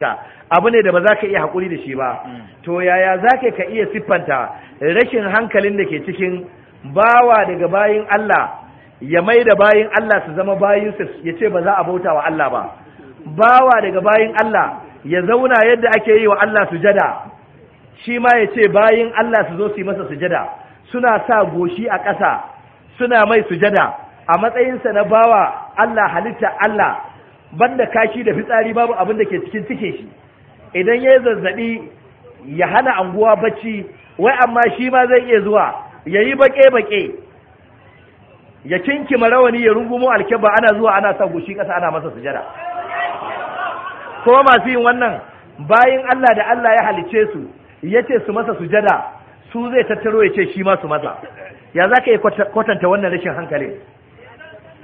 ka abu ne da ba za ka iya haƙuri da shi ba mm. to yaya za ka iya siffanta rashin hankalin da ke cikin bawa daga bayin Allah ya mai da bayin Allah su zama su ya ce ba za a bauta wa Allah ba bawa daga bayin Allah ya zauna yadda ake yi wa Allah sujada shi ma ya ce bayin Allah su zo su yi masa sujada suna sa goshi a ƙasa suna mai sujada a matsayinsa na bawa Allah halitta Allah banda kashi da fitsari babu abin da ke cikin cike shi idan ya yi zazzaɓi ya hana anguwa bacci wai amma shi ma zai iya zuwa ya yi baƙe-baƙe ya kinkima rawani ya rungumo alkyabba ana zuwa ana sa gushi ƙasa ana masa sujada ko masu yin wannan bayan Allah da Allah ya halice su ya ce su masa sujada su zai tattaro ya ce shi ma su masa ya za ka yi kwatanta wannan rashin hankali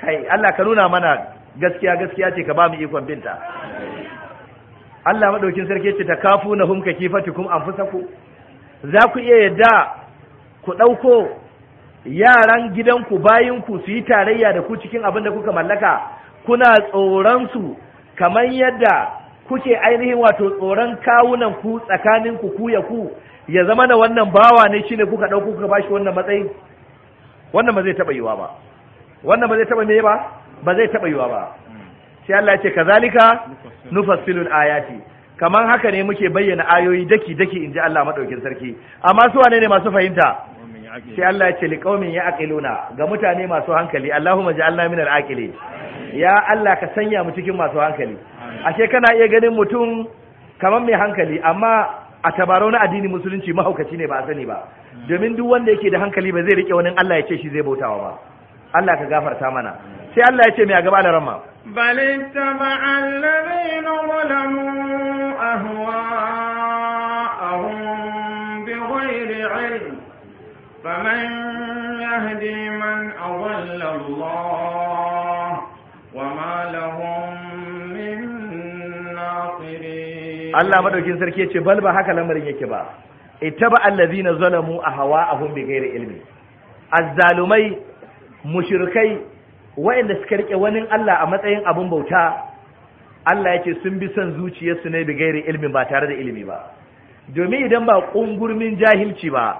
kai Allah ka nuna mana gaskiya gaskiya ce ka ba mu ikon binta Allah madaukin sarki ce ta kafu na humka kifatukum anfusaku za ku iya yadda ku ɗauko yaran gidanku bayinku su yi tarayya da ku cikin abin da kuka mallaka kuna tsoron su kamar yadda kuke ainihin wato tsoron kawunan ku tsakanin ku ku ya ku ya zama na wannan bawa ne shine kuka ɗauko kuka bashi wannan matsayin wannan ba zai taɓa yiwa ba wannan ba zai taɓa me ba ba zai taba yiwa ba sai Allah ya ce kazalika nufassilul ayati kaman haka ne muke bayyana ayoyi daki daki inji Allah madaukin sarki amma su wane ne masu fahimta sai Allah ya ce liqaumin ya'qiluna ga mutane masu hankali Allahumma ja'alna minal aqili ya Allah ka sanya mu cikin masu hankali ashe kana iya ganin mutum kaman mai hankali amma a tabarau na addini musulunci mahaukaci ne ba a sani ba domin duk wanda yake da hankali ba zai rike wani Allah ya ce shi zai bautawa ba Allah ka gafarta mana sai Allah ya ce mai a gaba da ramma bal ittaba alladhina zalamu bi ghairi ilm faman yahdi man awalla Allah ma lahum min naqirin Allah madaukin sarki ya ce bal ba haka lamarin yake ba ittaba alladhina zalamu ahwa'ahum bighairi ilmi azzalumai mushirkai waɗanda suka rike wani Allah a matsayin abin bauta Allah yake sun bi son zuciyarsu ne da gairi ba tare da ilimi ba domin idan ba kungurmin jahilci ba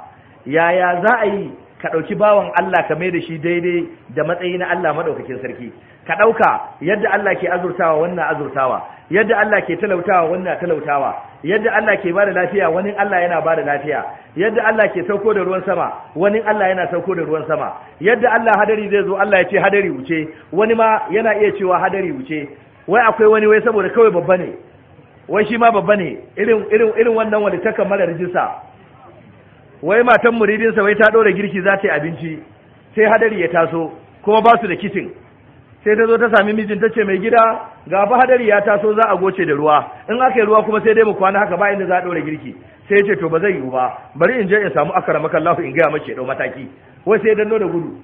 yaya za a yi ka ɗauki bawan Allah ka mai da shi daidai da matsayi na Allah maɗaukakin sarki ka ɗauka yadda Allah ke azurtawa wannan azurtawa yadda Allah ke talautawa wannan talautawa yadda Allah ke bada lafiya wani Allah yana bada lafiya yadda Allah ke sauko da ruwan sama wani Allah yana sauko da ruwan sama yadda Allah hadari zai zo Allah ya ce hadari wuce wani ma yana iya cewa hadari wuce wai akwai wani wai saboda kawai babba ne wai shi ma babba ne irin irin irin wannan wani takan mara rijista wai matan muridinsa wai ta ɗora girki za ta yi abinci sai hadari ya taso kuma ba su da kitin sai ta zo ta sami mijin ta ce mai gida ga fa hadari ya taso za a goce da ruwa in aka yi ruwa kuma sai dai mu kwana haka ba inda za a ɗora girki sai ya ce to ba zai yiwu ba bari in je in samu akara makallahu in gaya mace ya ɗau mataki wai sai ya danno da gudu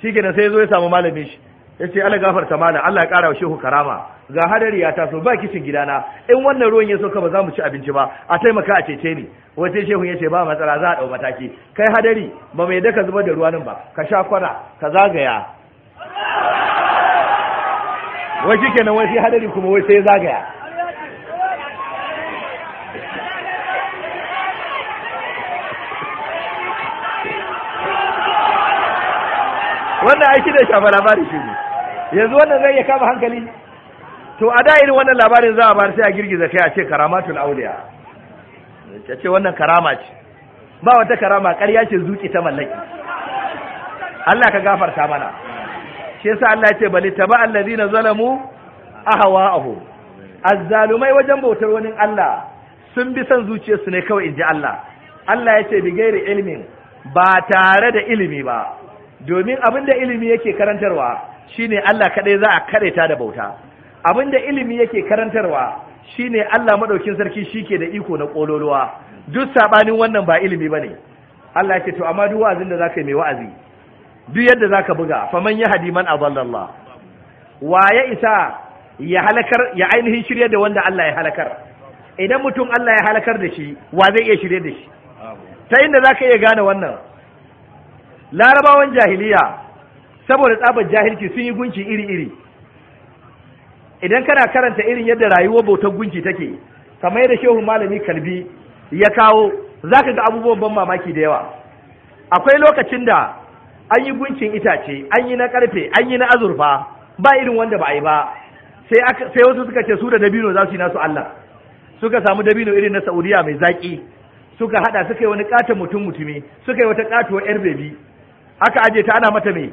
shi kenan sai ya zo ya samu malamin shi ya ce ala gafarta malam Allah ya kara wa shehu karama ga hadari ya taso ba kicin gidana in wannan ruwan ya sauka ba za mu ci abinci ba a taimaka a cece ni sai shehu ya ce ba matsala za a ɗau mataki kai hadari ba mai daka zubar da ruwa nan ba ka sha kwana ka zagaya wai shi kenan wai shi hadari kuma wai sai ya zagaya wannan aiki da shafa labari shi ne yanzu wannan zai ya kama hankali to a da irin wannan labarin za a bar sai a girgiza kai a ce karamatun auliya ya ce wannan karama ce ba wata karama ƙarya ce zuki ta mallaki Allah ka gafarta mana shi yasa Allah ya ce bali taba allazina zalamu ahwa'ahum azzalumai wajen bautar wani Allah sun bi son zuciyarsu ne kawai inji Allah Allah ya ce bi gairi ilmin ba tare da ilimi ba domin abin da ilimi yake karantarwa shine Allah kadai za a ta da bauta abin da ilimi yake karantarwa shine Allah madaukin sarki shike da iko na kololuwa duk sabanin wannan ba ilimi bane Allah ya ce to amma duk wa'azin da zaka yi mai wa'azi duk yadda za ka buga faman yahdi man adalla wa ya isa ya halakar ya ainihin shirya da wanda Allah ya halakar idan mutum Allah ya halakar da shi wa zai iya shirya da shi ta inda ka iya gane wannan larabawan jahiliya saboda tsabar jahilci sun yi gunki iri-iri idan kana karanta irin yadda rayuwar bautar gunki take kamar da shehu malami kalbi ya kawo zaka ga abubuwan ban mamaki da yawa akwai lokacin da an yi guncin itace an yi na karfe an yi na azurfa ba irin wanda ba a yi ba sai wasu suka ce su da dabino za su yi nasu Allah suka samu dabino irin na Saudiya mai zaki suka hada suka yi wani katon mutum mutumi suka yi wata katuwar yar bebi aka aje ta ana mata mai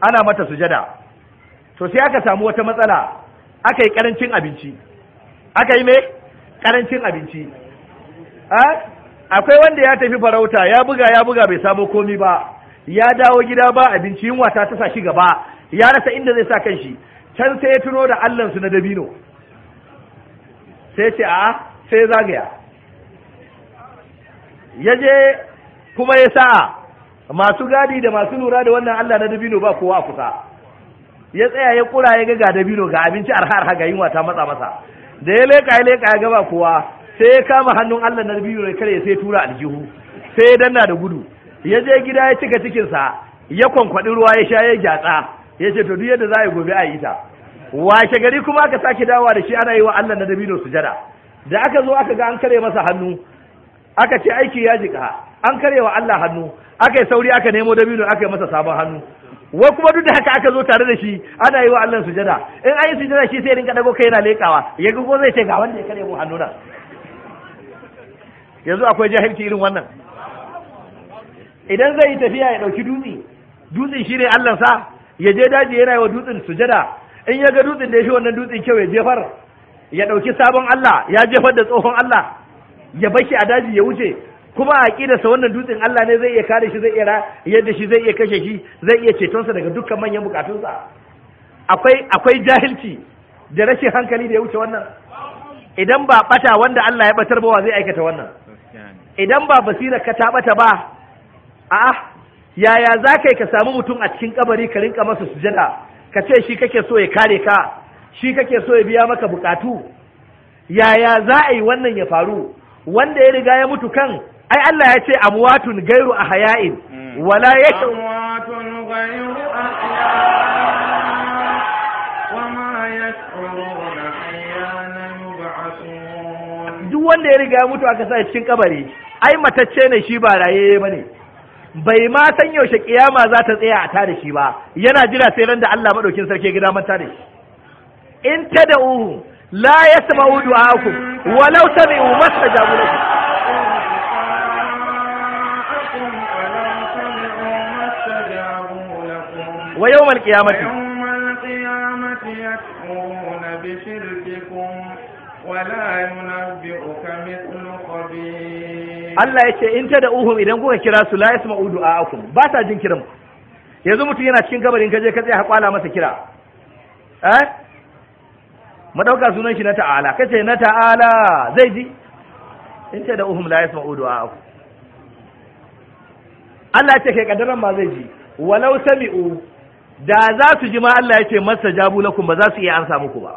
ana mata sujada to sai aka samu wata matsala aka yi karancin abinci aka yi mai karancin abinci ah? akwai wanda ya tafi farauta ya buga ya buga bai samu komi ba ya dawo gida ba abinci yunwa ta ta sa shi gaba ya rasa inda zai sa kan shi. can sai ya tuno da allansu na dabino sai ce a sai zagaya ya je kuma ya sa masu gadi da masu lura da wannan allah na dabino ba kowa a kusa ya tsaya ya kura ya ga dabino ga abinci arha arha ga yunwa ta matsa masa da ya leka ya leka ya gaba kowa sai ya kama hannun allah na dabino da kare sai tura aljihu sai ya danna da gudu ya je gida ya cika cikinsa ya kwankwaɗi ruwa ya sha ya gyatsa ya ce to duk yadda za a yi gobe a yi ta washe gari kuma aka sake dawa da shi ana yi wa Allah na dabino sujada da aka zo aka ga an kare masa hannu aka ce aiki ya jika an kare wa Allah hannu aka yi sauri aka nemo dabino aka yi masa sabon hannu wai kuma duk da haka aka zo tare da shi ana yi wa Allah sujada in an yi sujada shi sai rinka dago kai yana lekawa ya ga ko zai ce ga wanda ya kare mu hannuna yanzu akwai jahilci irin wannan idan zai yi tafiya ya ɗauki dutse dutse shi ne allah sa ya je daji yana wa dutsen sujada in ya ga dutsen da ya shi wannan dutsen kyau ya jefar ya ɗauki sabon Allah ya jefar da tsohon Allah ya bashi a daji ya wuce kuma a sa wannan dutsen Allah ne zai iya kare shi zai iya yadda shi zai iya kashe shi zai iya cetonsa daga dukkan manyan bukatunsa akwai akwai jahilci da rashin hankali da ya wuce wannan idan ba bata wanda Allah ya batar ba wa zai aikata wannan idan ba basira ka ta bata ba a yaya za ka yi ka samu mutum a cikin kabari ka rinka masa jada ka ce shi kake so ya kare ka shi kake so ya biya maka bukatu yaya za a yi wannan ya faru wanda ya riga ya mutu kan ai Allah ya ce amwatun gairu a haya'in hmm. wala ya amwatun gairu a duk wanda ya riga ya mutu aka sa cikin kabari ai matacce ne shi ba raye ba ne. bai ma san yaushe kiyama za ta tsaya a tare shi ba yana jira sai ran da Allah madaukin sarki gida man tada shi in tad'uhu la yasma'u du'aakum walau sami'u mastajabu lakum wa yawmal qiyamati yawmal qiyamati yakfuruna bi shirkikum wala yunabbi'uka mithlu khabir Allah yace in ta da uhum idan kuka kira su la yasma'u du'a'akum ba ta jin kiran yanzu mutum yana cikin kabarin kaje ka tsaya kwala masa kira eh mu dauka sunan shi na ta'ala kace na ta'ala zai ji in ta da uhum la yasma'u du'a'akum Allah yace kai kadaran ma zai ji walau sami'u da za su ji ma Allah yace masa jabu lakum ba za su iya ansa muku ba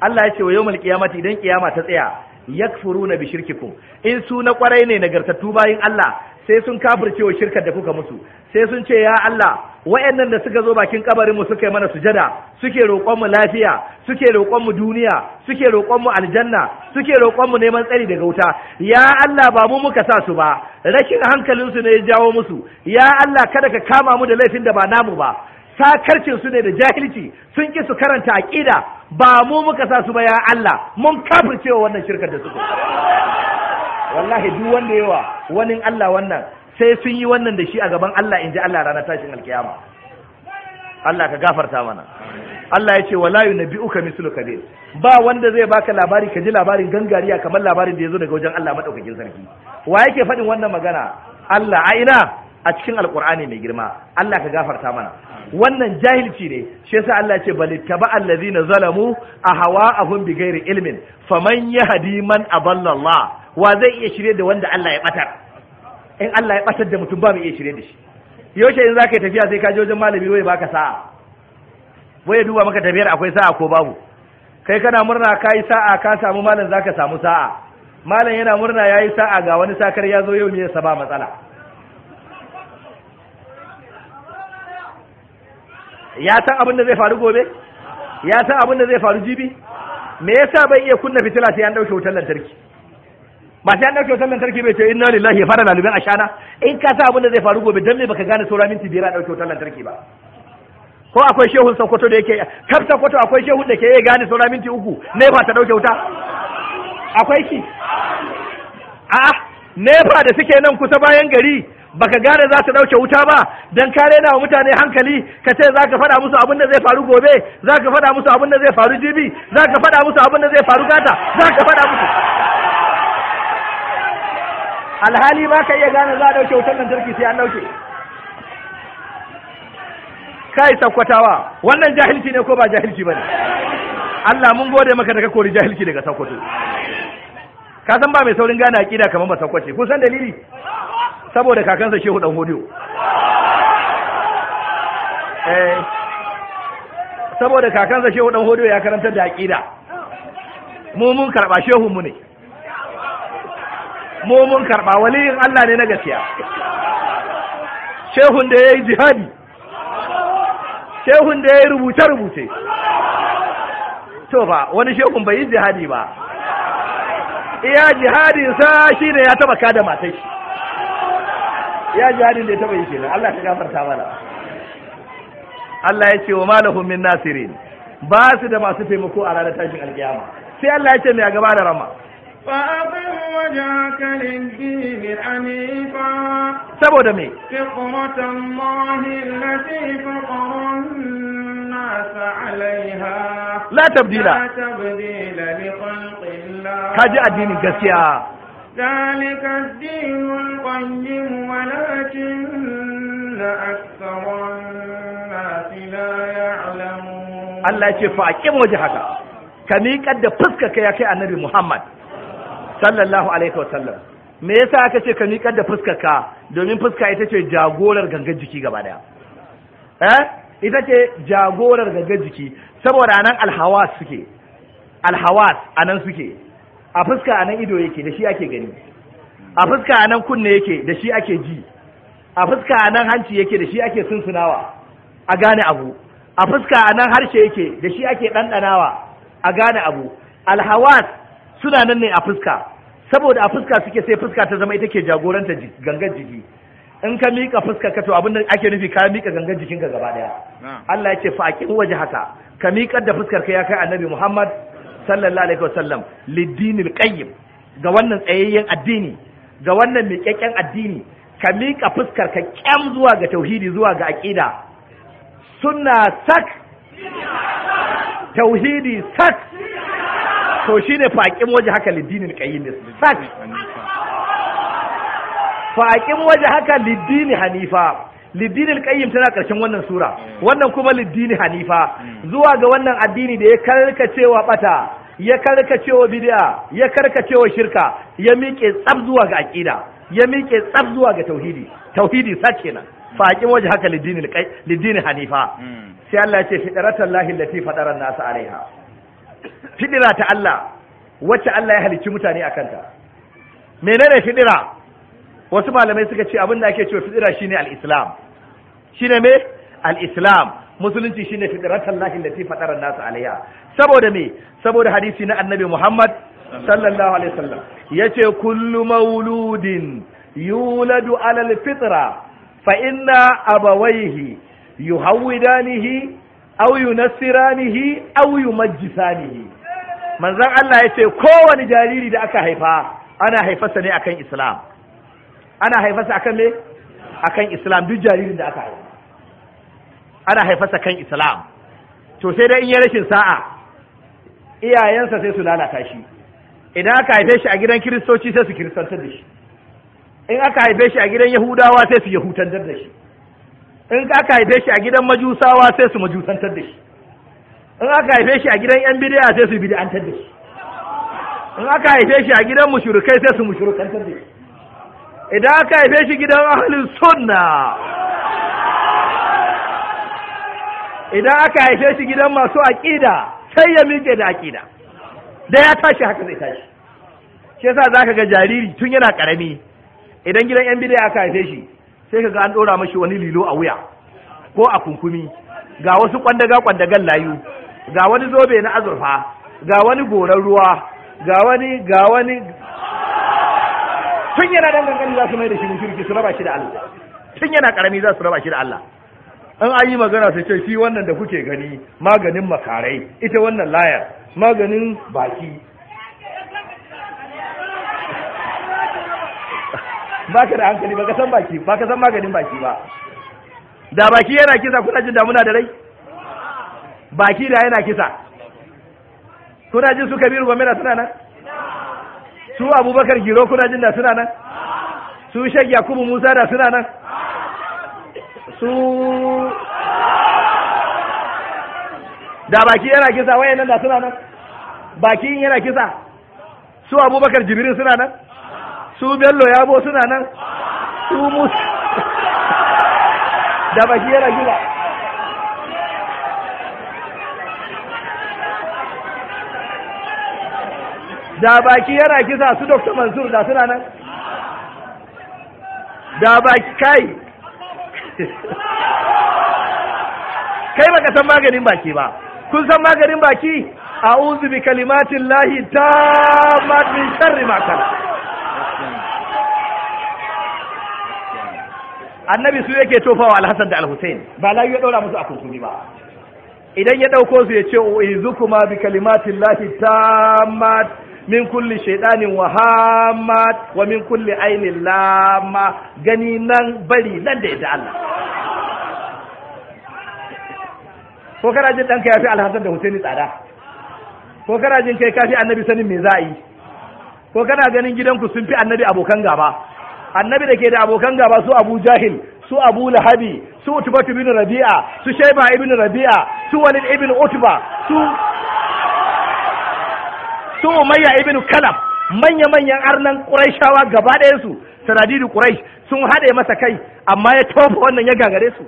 Allah ya ce wa yawmal qiyamati idan kiyama ta tsaya yakfuruna bi shirkikum in su na kwarai ne nagartattu bayin Allah sai sun kafirce wa shirkar da kuka musu sai sun ce ya Allah wayannan da suka zo bakin kabarin mu suka yi mana sujada suke roƙon mu lafiya suke roƙon mu duniya suke roƙon mu aljanna suke roƙon mu neman tsari daga wuta ya Allah ba mu muka sa su ba rashin hankalin su ne ya jawo musu ya Allah kada ka kama mu da laifin da ba namu ba sakarcin su ne da jahilci sun ki su karanta aqida ba mu muka sa su ba ya Allah mun kafircewa wannan shirkar da suka wallahi duk wanda yawa wani Allah wannan sai sun yi wannan da shi a gaban Allah in ji Allah ranar tashin alkiyama Allah ka gafarta mana Allah ya ce wala yunabbi'uka mislu kabir ba wanda zai baka labari ka ji labarin gangariya kamar labarin da ya zo daga wajen Allah madaukakin sarki wa yake faɗin wannan magana Allah a ina a cikin alkur'ani mai girma Allah ka gafarta mana wannan jahilci ne shi yasa Allah ce bal taba allazina zalamu bi ghairi ilmin faman yahdi man adalla Allah wa zai iya shirye da wanda Allah ya batar in Allah ya batar da mutum ba mu iya shirye da shi yaushe in zaka yi tafiya sai ka je wajen malami wai baka sa'a wai duba maka tafiyar akwai sa'a ko babu kai kana murna kai sa'a ka samu malam zaka samu sa'a malam yana murna yayi sa'a ga wani sakar ya zo yau me yasa ba matsala ya san abin da zai faru gobe ya san abin da zai faru jibi me yasa bai iya kunna fitila sai an dauke wutar lantarki ba sai an dauke wutar lantarki bai ce inna lillahi ya fara laluben ashana in ka san abin da zai faru gobe dan me baka gane saura minti biyar a dauke wutar lantarki ba ko akwai shehun sokoto da yake kaf sokoto akwai shehun da ke iya gane saura minti uku ne ba ta dauke wuta akwai ki a'a nefa da suke nan kusa bayan gari baka gane za ta dauke wuta ba dan kare na wa mutane hankali ka ce za ka faɗa musu abin da zai faru gobe za ka faɗa musu abin da zai faru jibi za ka faɗa musu abin da zai faru gata za ka faɗa musu alhali ba ka iya gane za a dauke wutan lantarki sai an dauke kai sakkwatawa wannan jahilci ne ko ba jahilci ba ne? Allah mun gode maka da ka kori jahilci daga sakkwato ka san ba mai saurin gane akida kamar kwace kun san dalili saboda kakansa shehu dan hodiyo eh saboda kakansa shehu dan hodiyo ya karanta da akida mu mun karba shehu mu ne mu mun karba waliyin Allah ne na gaskiya shehun da yayi jihadi shehun da yayi rubuce rubuce to ba wani shehun bai yi jihadi ba iya jihadin sa ne ya taba kada matai iya jihadin da ya taba yi kenan Allah ka gafarta mana Allah ya ce wa malahum min nasirin ba su da masu taimako a ranar tashin alkiyama sai Allah ya ce mai gaba da rama فأقم وجهك للدين حنيفا سبو مي فطرة الله التي فطر الناس عليها لا تبديل لا تبديل لخلق ka ji addinin gaskiya Allah ce القيم ولكن أكثر الناس haka, يعلمون الله يشفى ya kai كم يقد فسكك يا كي النبي محمد صلى me yasa aka ce ka miƙar da ka domin fuska ita ce jagorar gangar jiki gaba daya eh ita ce jagorar gangar jiki saboda nan alhawas suke alhawas anan suke a fuska a nan ido yake da shi ake gani a fuska a kunne yake da shi ake ji a fuska a hanci yake da shi ake sunsunawa a gane abu a fuska a nan harshe yake da shi ake ɗanɗanawa a gane abu alhawas suna nan ne a fuska saboda a fuska suke sai fuska ta zama ita ke jagoranta gangan jiki in ka miƙa fuska ka to abin da ake nufi ka miƙa gangan jikinka gaba ɗaya Allah ya ce fa waje haka ka miƙar da fuskar ka ya kai annabi Muhammad sallallahu alaihi wasallam lidinil qayyim ga wannan tsayayyen addini ga wannan miƙaƙƙen addini ka miƙa fuskar ka kyam zuwa ga tauhidi zuwa ga Aqida sunna sak tauhidi sak to shine faƙin waje haka lidinil qayyim sak faƙin waje haka lidini hanifa lidini alƙayyim tana ƙarshen wannan sura wannan kuma lidini hanifa zuwa ga wannan addini da ya karkacewa bata ya karkacewa bid'a ya karkacewa shirka ya miƙe tsab zuwa ga aqida ya miƙe tsab zuwa ga tauhidi tauhidi sace kenan faƙin waje haka lidini lidini hanifa hmm. sai Allah ya ce fidratan Allah allati fadara an-nas alaiha fidira ta Allah wacce Allah ya halicci mutane akan ta menene fidira wasu malamai suka ce abin da ake cewa fidira shine al-islam shine me al-islam musulunci shine fidratan lahi allati fadara an-nas alaiha saboda me saboda hadisi na annabi Muhammad sallallahu alaihi wasallam yace kullu mauludin yuladu ala alfitra fa inna abawayhi yuhawidanihi aw yunassiranihi aw yumajjisanihi manzon Allah yace kowani jariri da aka haifa ana haifarsa ne akan Islam ana haifarsa akan me akan Islam duk jaririn da aka haifa ana haifarsa kan Islam to sai dai in yi rashin sa'a iyayensa sai su lalata shi idan aka haife shi a gidan kiristoci sai su kiristantar da shi in aka haife shi a gidan yahudawa sai su yahutantar da shi in aka haife shi a gidan majusawa sai su majusantar da shi in aka haife shi a gidan yan bidiya sai su bid'antar da shi in aka haife shi a gidan mushurukai sai su mushurukantar da shi idan aka haife shi gidan ahalin sunna idan aka haife shi gidan masu aqida sai ya miƙe da aƙida da ya tashi haka zai tashi shi yasa zaka ga jariri tun yana karami idan gidan yan bid'a aka haife shi sai kaga an dora mashi wani lilo a wuya ko a kunkumi ga wasu kwandaga kwandagan layu ga wani zobe na azurfa ga wani goran ruwa ga wani ga wani tun yana dan za su mai da shi mun kirki su raba shi da Allah tun yana karami za su raba shi da Allah an ayi magana sai ce shi wannan da kuke gani maganin makarai ita wannan layar maganin baki ba ka da hankali ba ka san baki ba ka san maganin baki ba da baki yana kisa kuna jin damuna da rai baki da yana kisa kuna jin su kabiru gwamnati suna nan su abubakar giro kuna jin da suna nan su shagya kubu musa da suna nan su da baki yana kisa wayan nan da suna nan baki yana kisa su abubakar jibirin suna nan su bello yabo suna nan su mus da baki yana kisa da baki yana kisa su dr mansur da suna nan da baki kai kai baka san maganin baki ba kun san maganin baki a'udhu bi kalimatin lahi ta min sharri ma annabi su yake tofawa alhassan da alhussein ba layu ya ɗaura musu a kurkuri ba idan ya ɗauko su ya ce u'izukuma bi kalimatin lahi tammat min kulli shaytanin wa wa min kulli ainin lama gani nan bari nan da yadda Allah ko kana jin ya fi alhassan da husaini tsada ko kana jin kai kafi annabi sanin me za yi ko kana ganin gidanku sun fi annabi abokan gaba annabi da ke da abokan gaba su abu jahil su abu lahabi su utubatu bin rabi'a su shaiba ibn rabi'a su walid ibin utuba su su umayya ibn kalab manya-manyan arnan quraishawa gaba ɗaya su sanadidu quraish sun haɗe masa kai amma ya tofa wannan ya gagare su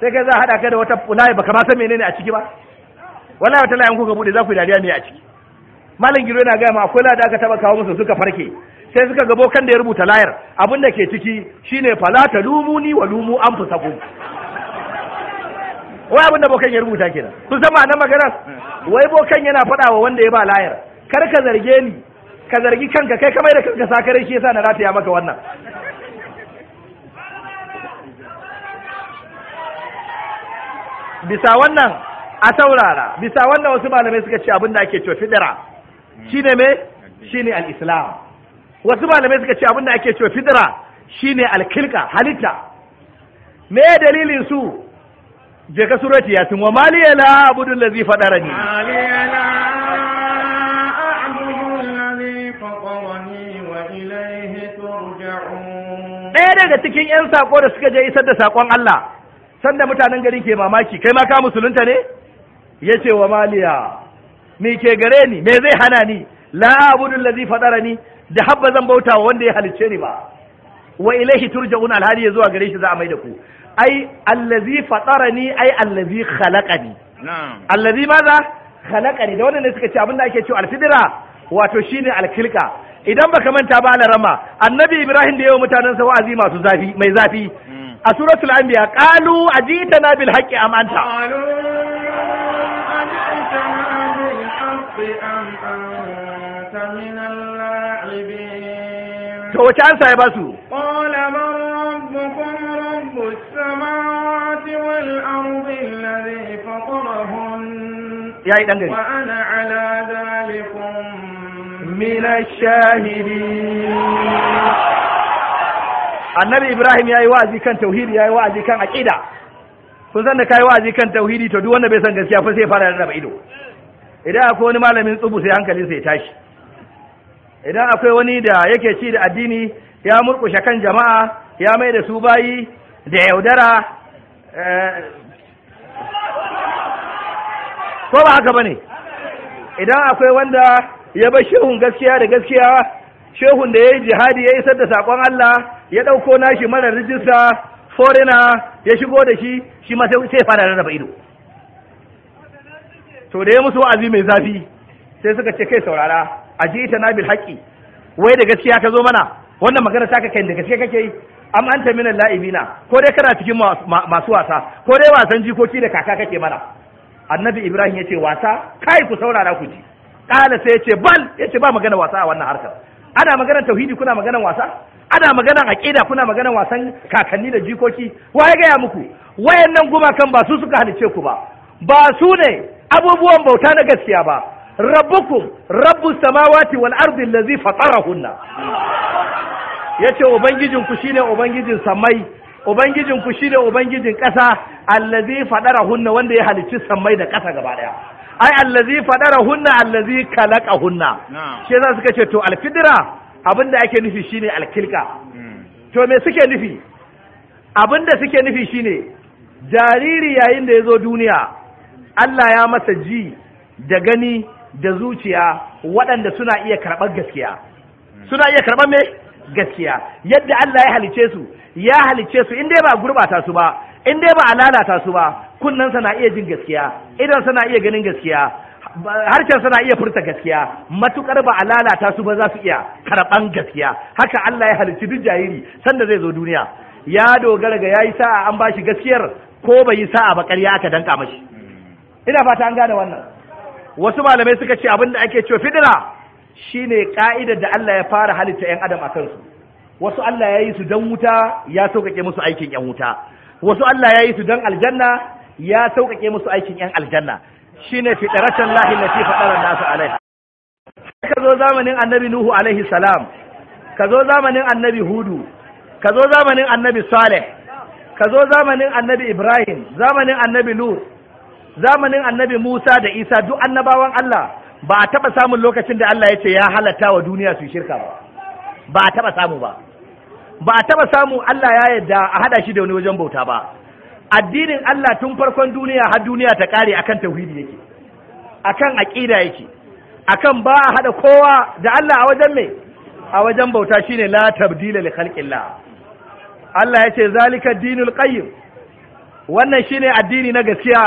sai kai za a haɗa kai da wata layi baka ma san menene a ciki ba wallahi wata layin kuka bude za ku dariya ne a ciki malam giro yana gaya ma akwai da aka taba kawo musu suka farke sai suka gabo kan da ya rubuta layar abin da ke ciki shine falata ta lumu wa lumu an wai abinda bokan ya rubuta kenan su zama na magana wai bokan yana faɗa wa wanda ya ba layar kar ka zarge ni ka zargi kanka kai kamar da kanka sakare shi yasa na rataya maka wannan bisa wannan a saurara bisa wannan wasu malamai suka ce abin da ake cewa fidira shine me shine al-islam wasu malamai suka ce abin da ake cewa fidira shine al khilqa halitta me dalilin su je ka surati yasin wa maliya la abudu allazi fadarani maliya la abudu wa turja'un ɗaya daga cikin yan sako da suka je isar da sakon Allah sanda mutanen garin ke mamaki kai ma ka musulunta ne ya ce wa maliya me ke gare ni me zai hana ni la abudu allazi ne da habba zan bauta wanda ya halicce ni ba wa ilaihi turja'un alhali ya zuwa gare shi za a mai da ku ai allazi ni ai allazi khalaqani allazi maza khalaqani da wannan ne suka ce abin da ake cewa alfidira wato shine alkilka idan baka manta ba larama annabi ibrahim da yawa mutanensa wa'azi masu zafi mai zafi a suratul anbiya qalu ajitana bil haqqi am anta to wace ansa ya basu man rabbukum رب السماوات والأرض الذي فطرهن وأنا على ذلك من الشاهدين annabi ibrahim ya yi wa'azi kan tauhidi ya yi wa'azi kan aƙida kun san da kai yi wa'azi kan tauhidi to duk wanda bai san gaskiya fa sai fara rarraba ido idan akwai wani malamin tsubu sai hankalinsa ya tashi idan akwai wani da yake ci da addini ya murkushe kan jama'a ya mai da su bayi da yaudara eh, ko ba haka ba ne idan akwai wanda ya bar shehun gaskiya da gaskiya shehun da ya yi jihadi ya isar da saƙon Allah ya ɗauko nashi mara rijista forina ya shigo da shi shi ma sai fara rarraba ido to da ya musu wa'azi mai zafi sai suka ce kai saurara a ji na bil haƙi wai da gaskiya ka zo mana wannan magana ta kai da gaskiya kake yi am anta minal la'ibina ko dai kana cikin masu wasa ko dai wasan jikoki da kaka kake mana annabi ibrahim yace wasa kai ku saurara ku ji kala sai yace bal yace ba magana wasa a wannan harkar ana magana tauhidi kuna magana wasa ana magana aqida kuna magana wasan kakanni da jikoki waye gaya muku wayannan gumakan ba su suka halice ku ba ba su ne abubuwan bauta na gaskiya ba rabbukum rabbus samawati wal ardi allazi fatarahunna ya ce ubangijinku shi ne ubangijin samai ubangijinku shi ne ubangijin ƙasa allazi faɗara hunna wanda ya halicci samai da ƙasa gaba ɗaya ai allazi faɗara hunna allazi kalaka hunna shi yasa suka ce to alfidira abin da ake nufi shine alkilka hmm. to me suke nufi abin da suke nufi shine jariri yayin da ya zo duniya Allah ya masa ji da gani da zuciya waɗanda suna iya karɓar gaskiya suna iya karɓar me gaskiya yadda Allah ya halice su ya halice su in dai ba gurbata su ba in dai ba a lalata su ba kunnensa na iya jin gaskiya idan na iya ganin gaskiya harshen sana iya furta gaskiya matukar ba a lalata su ba za su iya karɓan gaskiya haka Allah ya halicci duk jahiri sanda zai zo duniya ya dogara ga yayi sa'a an bashi gaskiyar ko bai yi sa'a ba ƙarya aka danka mashi ina fata an gane wannan wasu malamai suka ce abin da ake cewa fidira shine ka'idar da Allah ya fara halitta yan adam a kansu. wasu Allah ya yi su don wuta ya sauƙaƙe musu aikin yan wuta wasu Allah ya yi su don aljanna ya sauƙaƙe musu aikin yan aljanna Shi ne fi ɗarashen lahi na fi fatara nasu alaiha ka zo zamanin annabi nuhu alaihi salam ka zo zamanin annabi hudu ka zo zamanin annabi saleh ka zo zamanin annabi ibrahim zamanin annabi lut zamanin annabi musa da isa duk annabawan Allah ba a taɓa samun lokacin da Allah ya ce ya halatta wa duniya su shirka ba ba a taɓa samu ba ba a taɓa samu Allah ya yadda a haɗa shi da wani wajen bauta ba addinin Allah tun farkon duniya har duniya ta kare akan tauhidi yake akan aƙida yake akan ba a haɗa kowa da Allah a wajen me a wajen bauta shine la tabdila li khalqillah Allah ya ce zalika dinul qayyim wannan shine addini na gaskiya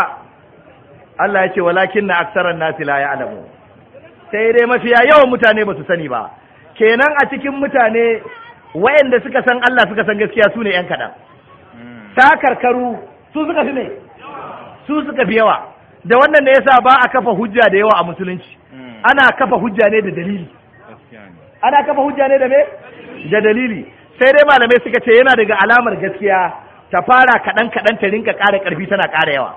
Allah ya ce walakin na aksaran nasi la ya'lamu sai dai mafiya yawan mutane ba su sani ba kenan a cikin mutane wayanda suka san Allah suka san gaskiya su ne yan kaɗan takarkaru su suka fi ne su suka fi yawa da wannan ne yasa ba a kafa hujja da yawa a musulunci hmm. ana kafa hujja ne da dalili ana kafa hujja ne da me da dalili sai dai malamai suka ce yana daga alamar gaskiya ta fara kaɗan kaɗan ta rinka ƙara ƙarfi tana ƙara yawa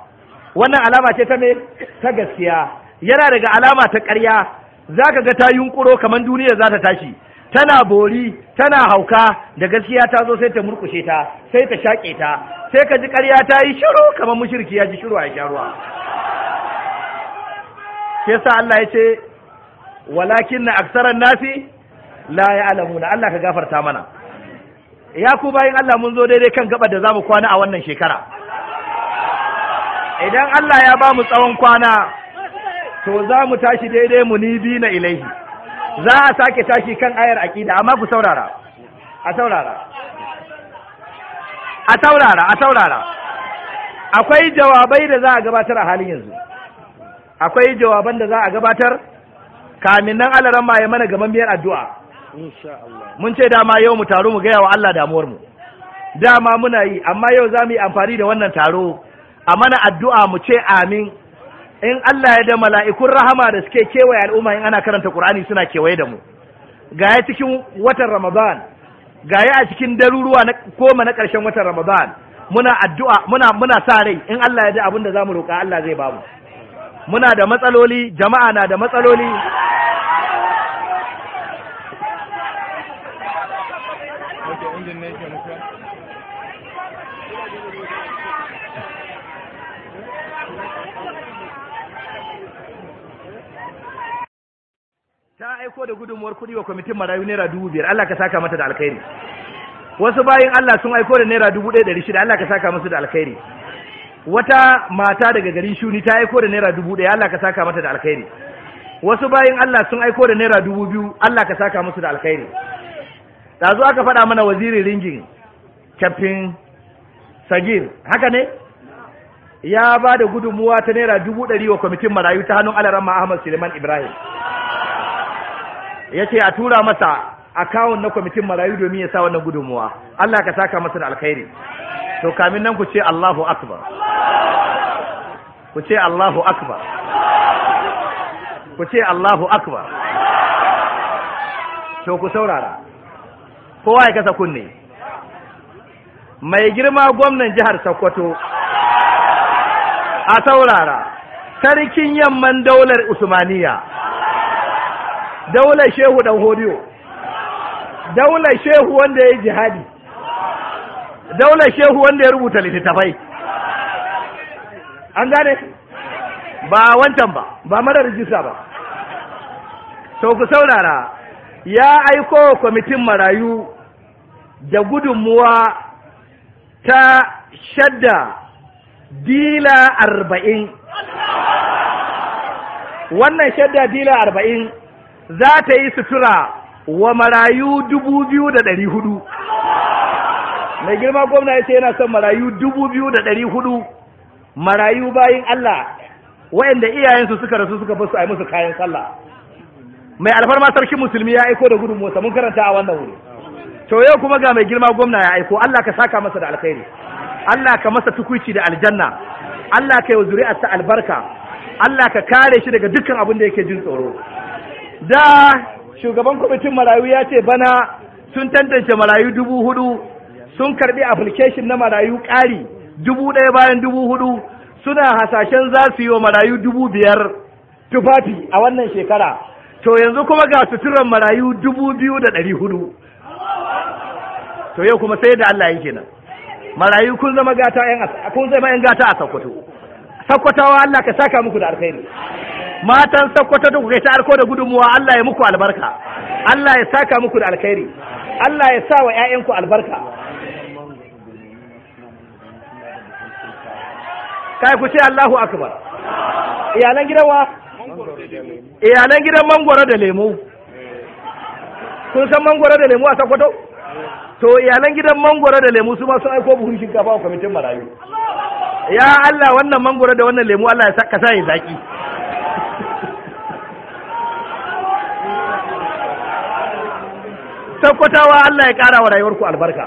wannan alama ce ta me ta gaskiya yana daga alama ta ƙarya za ka ga ta yunkuro kamar duniya za ta tashi tana bori tana hauka da gaskiya ta zo sai ta murkushe ta sai ta shaƙe ta sai ka ji ƙarya ta yi shiru kamar mushirki ya ji shiru a sharuwa ke sa Allah ya ce walakin na aksaran nasi la ya alamuna Allah ka gafarta mana ya ku bayan Allah mun zo daidai kan gaba da zamu kwana a wannan shekara idan Allah ya ba mu tsawon kwana to za mu tashi daidai mu ni bi na ilaihi za a sake tashi kan ayar aqida amma ku saurara a saurara a saurara a saurara akwai jawabai da za a gabatar a halin yanzu akwai jawaban da za a gabatar kamin nan alaran ma ya mana gaban biyar addu'a mun ce dama yau mu taro mu gaya wa Allah damuwar mu dama muna yi amma yau za mu yi amfani da wannan taro a mana addu'a mu ce amin in Allah ya da mala'ikun rahama da suke kewaye al'umma in ana karanta ƙur'ani suna kewaye da mu Ga ya cikin watan Ramadan ga ya a cikin daruruwa na koma na ƙarshen watan Ramadan muna addu'a muna sa rai in Allah ya da abin da za mu roƙa Allah zai ba mu. muna da matsaloli jama'a na da matsaloli ta aiko da gudunmuwar kuɗi wa kwamitin marayu naira dubu biyar Allah ka saka mata da alkhairi wasu bayin Allah sun aiko da naira dubu ɗaya ɗari shida Allah ka saka musu da alkhairi wata mata daga garin shuni ta aiko da naira dubu ɗaya Allah ka saka mata da alkhairi wasu bayin Allah sun aiko da naira dubu biyu Allah ka saka musu da alkhairi ɗazu aka faɗa mana wazirin ringin kyaftin sagir haka ne ya ba da gudunmuwa ta naira dubu ɗari wa kwamitin marayu ta hannun alarama Ahmad Suleiman Ibrahim ya ce a tura masa akawun na kwamitin marayu domin ya sa wannan gudunmuwa Allah ka saka masa da alkhairi to kamin nan ku ce Allahu akbar ku ce Allahu akbar ku ce Allahu akbar to ku saurara kowa ya kasa kunne mai girma gwamnan jihar Sokoto a saurara sarkin yamman daular Usmaniya daular shehu dan hodiyo daular shehu wanda ya yi jihadi daular shehu wanda ya rubuta littattafai an gane ba wancan ba ba mara rijista ba to ku saurara ya aiko kwamitin marayu da gudunmuwa ta shadda dila arba'in wannan shadda dila arba'in za ta yi sutura wa marayu dubu biyu da ɗari hudu mai girma gwamna ya ce yana son marayu dubu biyu da ɗari hudu marayu bayin Allah waɗanda iyayensu suka rasu suka basu a yi musu kayan sallah mai alfarma sarkin musulmi ya aiko da gudunmuwarsa mun karanta a wannan wuri to yau kuma ga mai girma gwamna ya aiko Allah ka saka masa da alkhairi Allah ka masa tukuici da aljanna Allah ka yi zuri'arsa albarka Allah ka kare shi daga dukkan abin da yake jin tsoro da shugaban kwamitin marayu ya ce bana sun tantance marayu dubu hudu sun karbi application na marayu ƙari dubu ɗaya bayan dubu hudu suna hasashen za su yi wa marayu dubu biyar tufafi a wannan shekara to yanzu kuma ga suturan marayu dubu biyu da ɗari hudu to yau kuma sai da Allah yake nan marayu kun zama gata yan gata a Sokoto Sokotawa Allah ka saka muku da alkhairi matan sakkwato da kuka ta arko da gudunmuwa Allah ya muku albarka Allah ya saka muku da alkhairi Allah ya sa wa 'ya'yanku albarka kai ku ce Allahu akbar iyalan gidan wa iyalan gidan mangoro da lemo kun san mangoro da lemo a sakkwato to iyalan gidan mangoro da lemo su ma sun aiko buhun shinkafa a kwamitin marayu ya Allah wannan mangoro da wannan lemo Allah ya saka sa yi zaki sakkwatawa Allah ya ƙara wa rayuwarku albarka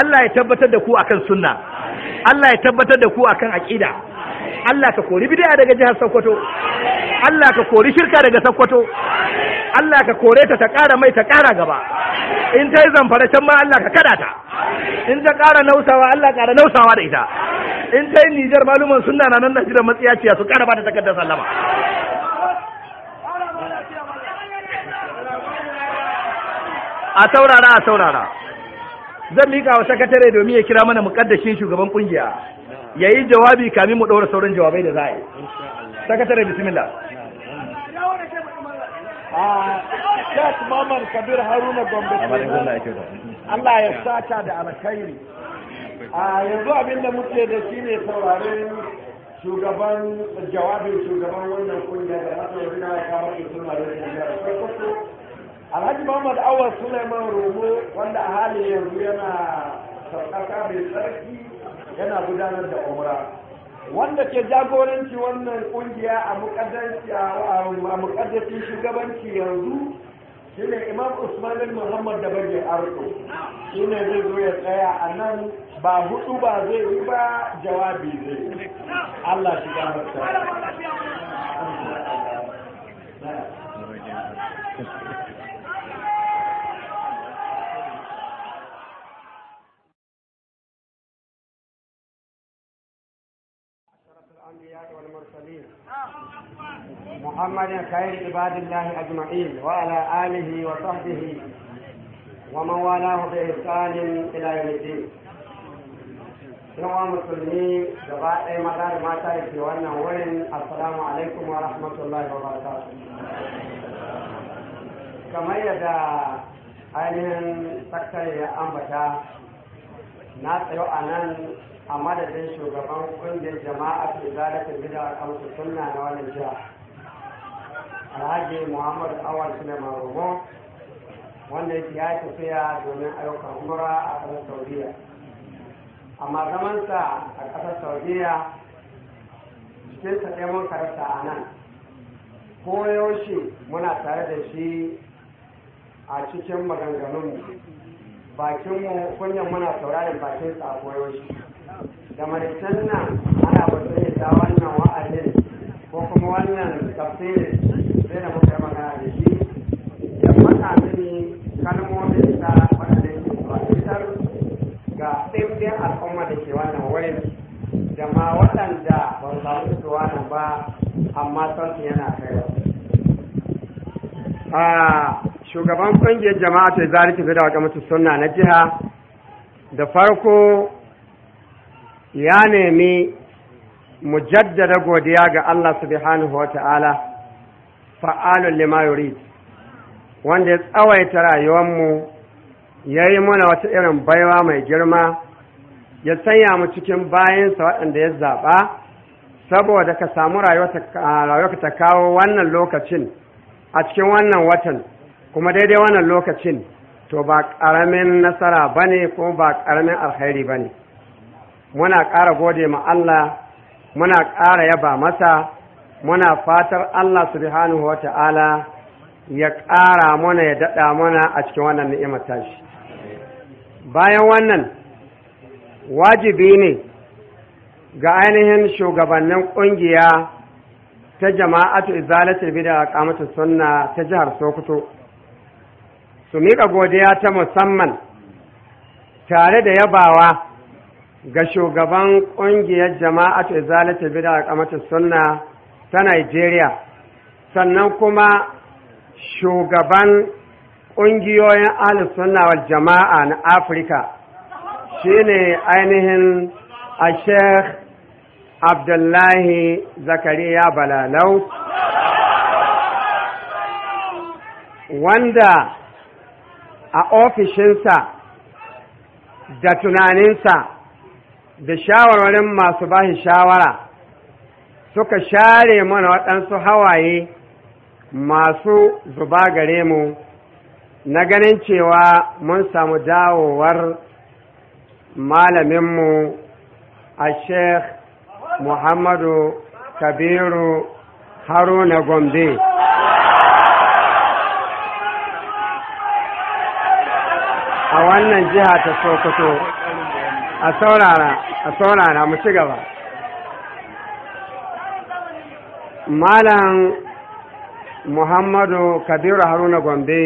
Allah ya tabbatar da ku akan sunna Allah ya tabbatar da ku akan aƙida Allah ka kori bid'a daga jihar Sokoto Allah ka kori shirka daga Sokoto Allah ka kore ta ta ƙara mai ta ƙara gaba in ta yi zamfara can ma Allah ka kada ta in ta ƙara nausawa Allah ƙara nausawa da ita in ta yi Nijar maluman sunna na nan Najeriya matsiyaciya su ƙara ba ta takardar sallama a saurara a saurara zan mika wa sakatare domin ya kira mana mukaddashin shugaban kungiya ya yi jawabi kamin mu ɗora sauran jawabai da za a yi sakatare bismillah Mamman Kabir Haruna Gombe Allah ya sata da alkhairi a yanzu abin da muke da shi ne sauraren shugaban jawabin shugaban wannan kungiya da aka yi na ya kama suna da kungiya da alhaji muhammad awar suleiman romo wanda a halin yanzu yana sauƙaƙa mai tsarki yana gudanar da umra wanda ke jagoranci wannan kungiya a muƙaddashin shugabanci yanzu shine imam usman muhammad da bage shi ne zai zo ya tsaya a nan ba hudu ba zai yi ba jawabi zai allah shi gafarta الأنبياء والمرسلين محمد خير عباد الله أجمعين وعلى آله وصحبه ومن والاه بإحسان إلى يوم الدين yawa musulmi gaba ɗaya maza da mata da ke wannan wurin assalamu alaikum wa rahmatullahi wa barakatuh kamar yadda ainihin sakatare ya ambata na tsayo a nan a madadin shugaban kungiyar jama'a ke zalatin gida a kamsu sunna na wannan jiha alhaji muhammad awal suleiman rubo wanda ya tafiya domin ayyukan umra a ƙasar saudiya amma zamansa a ƙasar saudiya cikinsa ɗaya mun karanta a nan ko yaushe muna tare da shi a cikin maganganunmu bakinmu kunyan muna saurarin bakin sa a koyaushe da sannan nan ana batun da wannan wa'adin ko kuma wannan tafsirin sai da muka magana da shi da mata mini kalmomin sa waɗanda ke fahimtar ga ɗaiɗin al'umma da ke wannan wurin da ma waɗanda ba su samu su wannan ba amma son yana kaiwa. shugaban kungiyar jama'a ta zari tafi da wata mutu sunna na jiha da farko ya nemi mu jaddada godiya ga Allah subhanahu wa ta'ala fa'alun lima wanda ya tsawaita mu, ya yi mana wata irin baiwa mai girma ya sanya mu cikin bayansa waɗanda ya zaɓa saboda ka samu rayuwa ta kawo wannan lokacin a cikin wannan watan kuma daidai wannan lokacin to ba ƙaramin nasara ba ne kuma ba ƙaramin alkhairi ba ne muna ƙara gode ma Allah muna ƙara yaba masa muna fatar Allah subhanahu wa ta'ala ya ƙara mana ya daɗa mana a cikin wannan ni'imar tashi bayan wannan wajibi ne ga ainihin shugabannin ƙungiya ta jama'atu izalatul bid'a a qamatu sunna ta jihar Sokoto su miƙa godiya ta musamman tare da yabawa ga shugaban ƙungiyar jama'a ta bida da kamata sunna ta Najeriya sannan kuma shugaban ƙungiyoyin ahlus sunna wal jama'a na Afirka shine ainihin a Sheikh Abdullahi Zakariya Balalau wanda a ofishinsa da tunaninsa da shawarwarin masu bashi shawara suka share mana waɗansu hawaye masu zuba gare mu na ganin cewa mun samu dawowar malaminmu a sheikh muhammadu kabiru haruna gombe a wannan jiha ta sokoto a saurara a saurara mu ci gaba malam muhammadu kabiru haruna gombe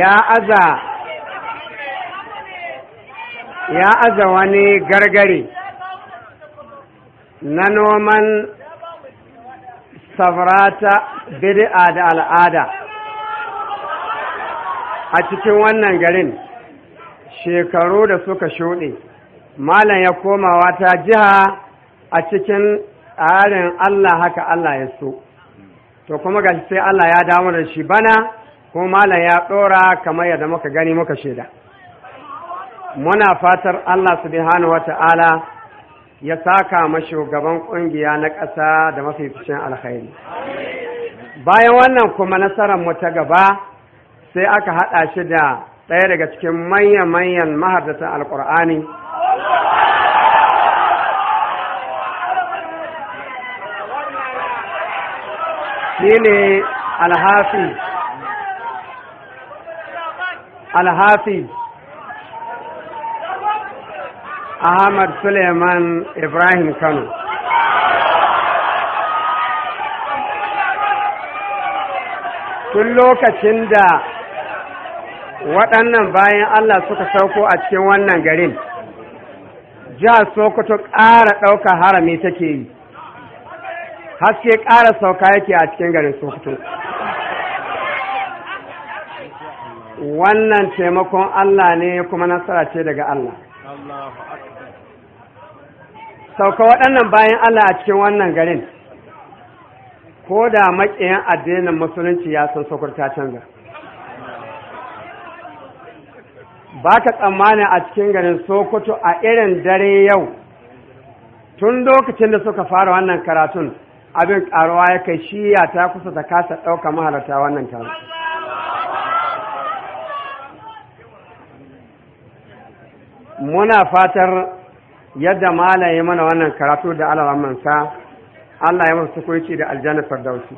ya aza ya aza wani gargare na noman savrata bid'a da al'ada a cikin wannan garin shekaru da suka shuɗe malam ya koma wata jiha a cikin tsarin Allah haka Allah ya so to kuma ga sai Allah ya damu da shi bana ko malam ya ɗora kamar yadda muka gani muka shaida muna fatar Allah subhanahu wa ta'ala ya saka ma shugaban ƙungiya na ƙasa da mafificin alkhairi bayan wannan kuma nasarar mu ta gaba sai aka haɗa shi da ɗaya daga cikin manya-manyan mahaddatan alkur'ani shi ne alhafi alhafi ahmad suleiman ibrahim kano tun lokacin da waɗannan bayan Allah suka sauko a cikin wannan garin jihar Sokoto ƙara ɗauka harami take yi haske ƙara sauka yake a cikin garin Sokoto wannan taimakon Allah ne kuma nasara ce daga Allah sauka waɗannan bayan Allah a cikin wannan garin ko da maƙiyan addinin musulunci ya san sokoto ta canza ba ka tsammani a cikin garin sokoto a irin dare yau tun lokacin da suka fara wannan karatun abin karuwa ya kai shiya ta kusa ta kasa ɗauka mahalarta wannan karatun muna fatar yadda yi mana wannan karatu da sa Allah ya masu tukunci da aljanna firdausi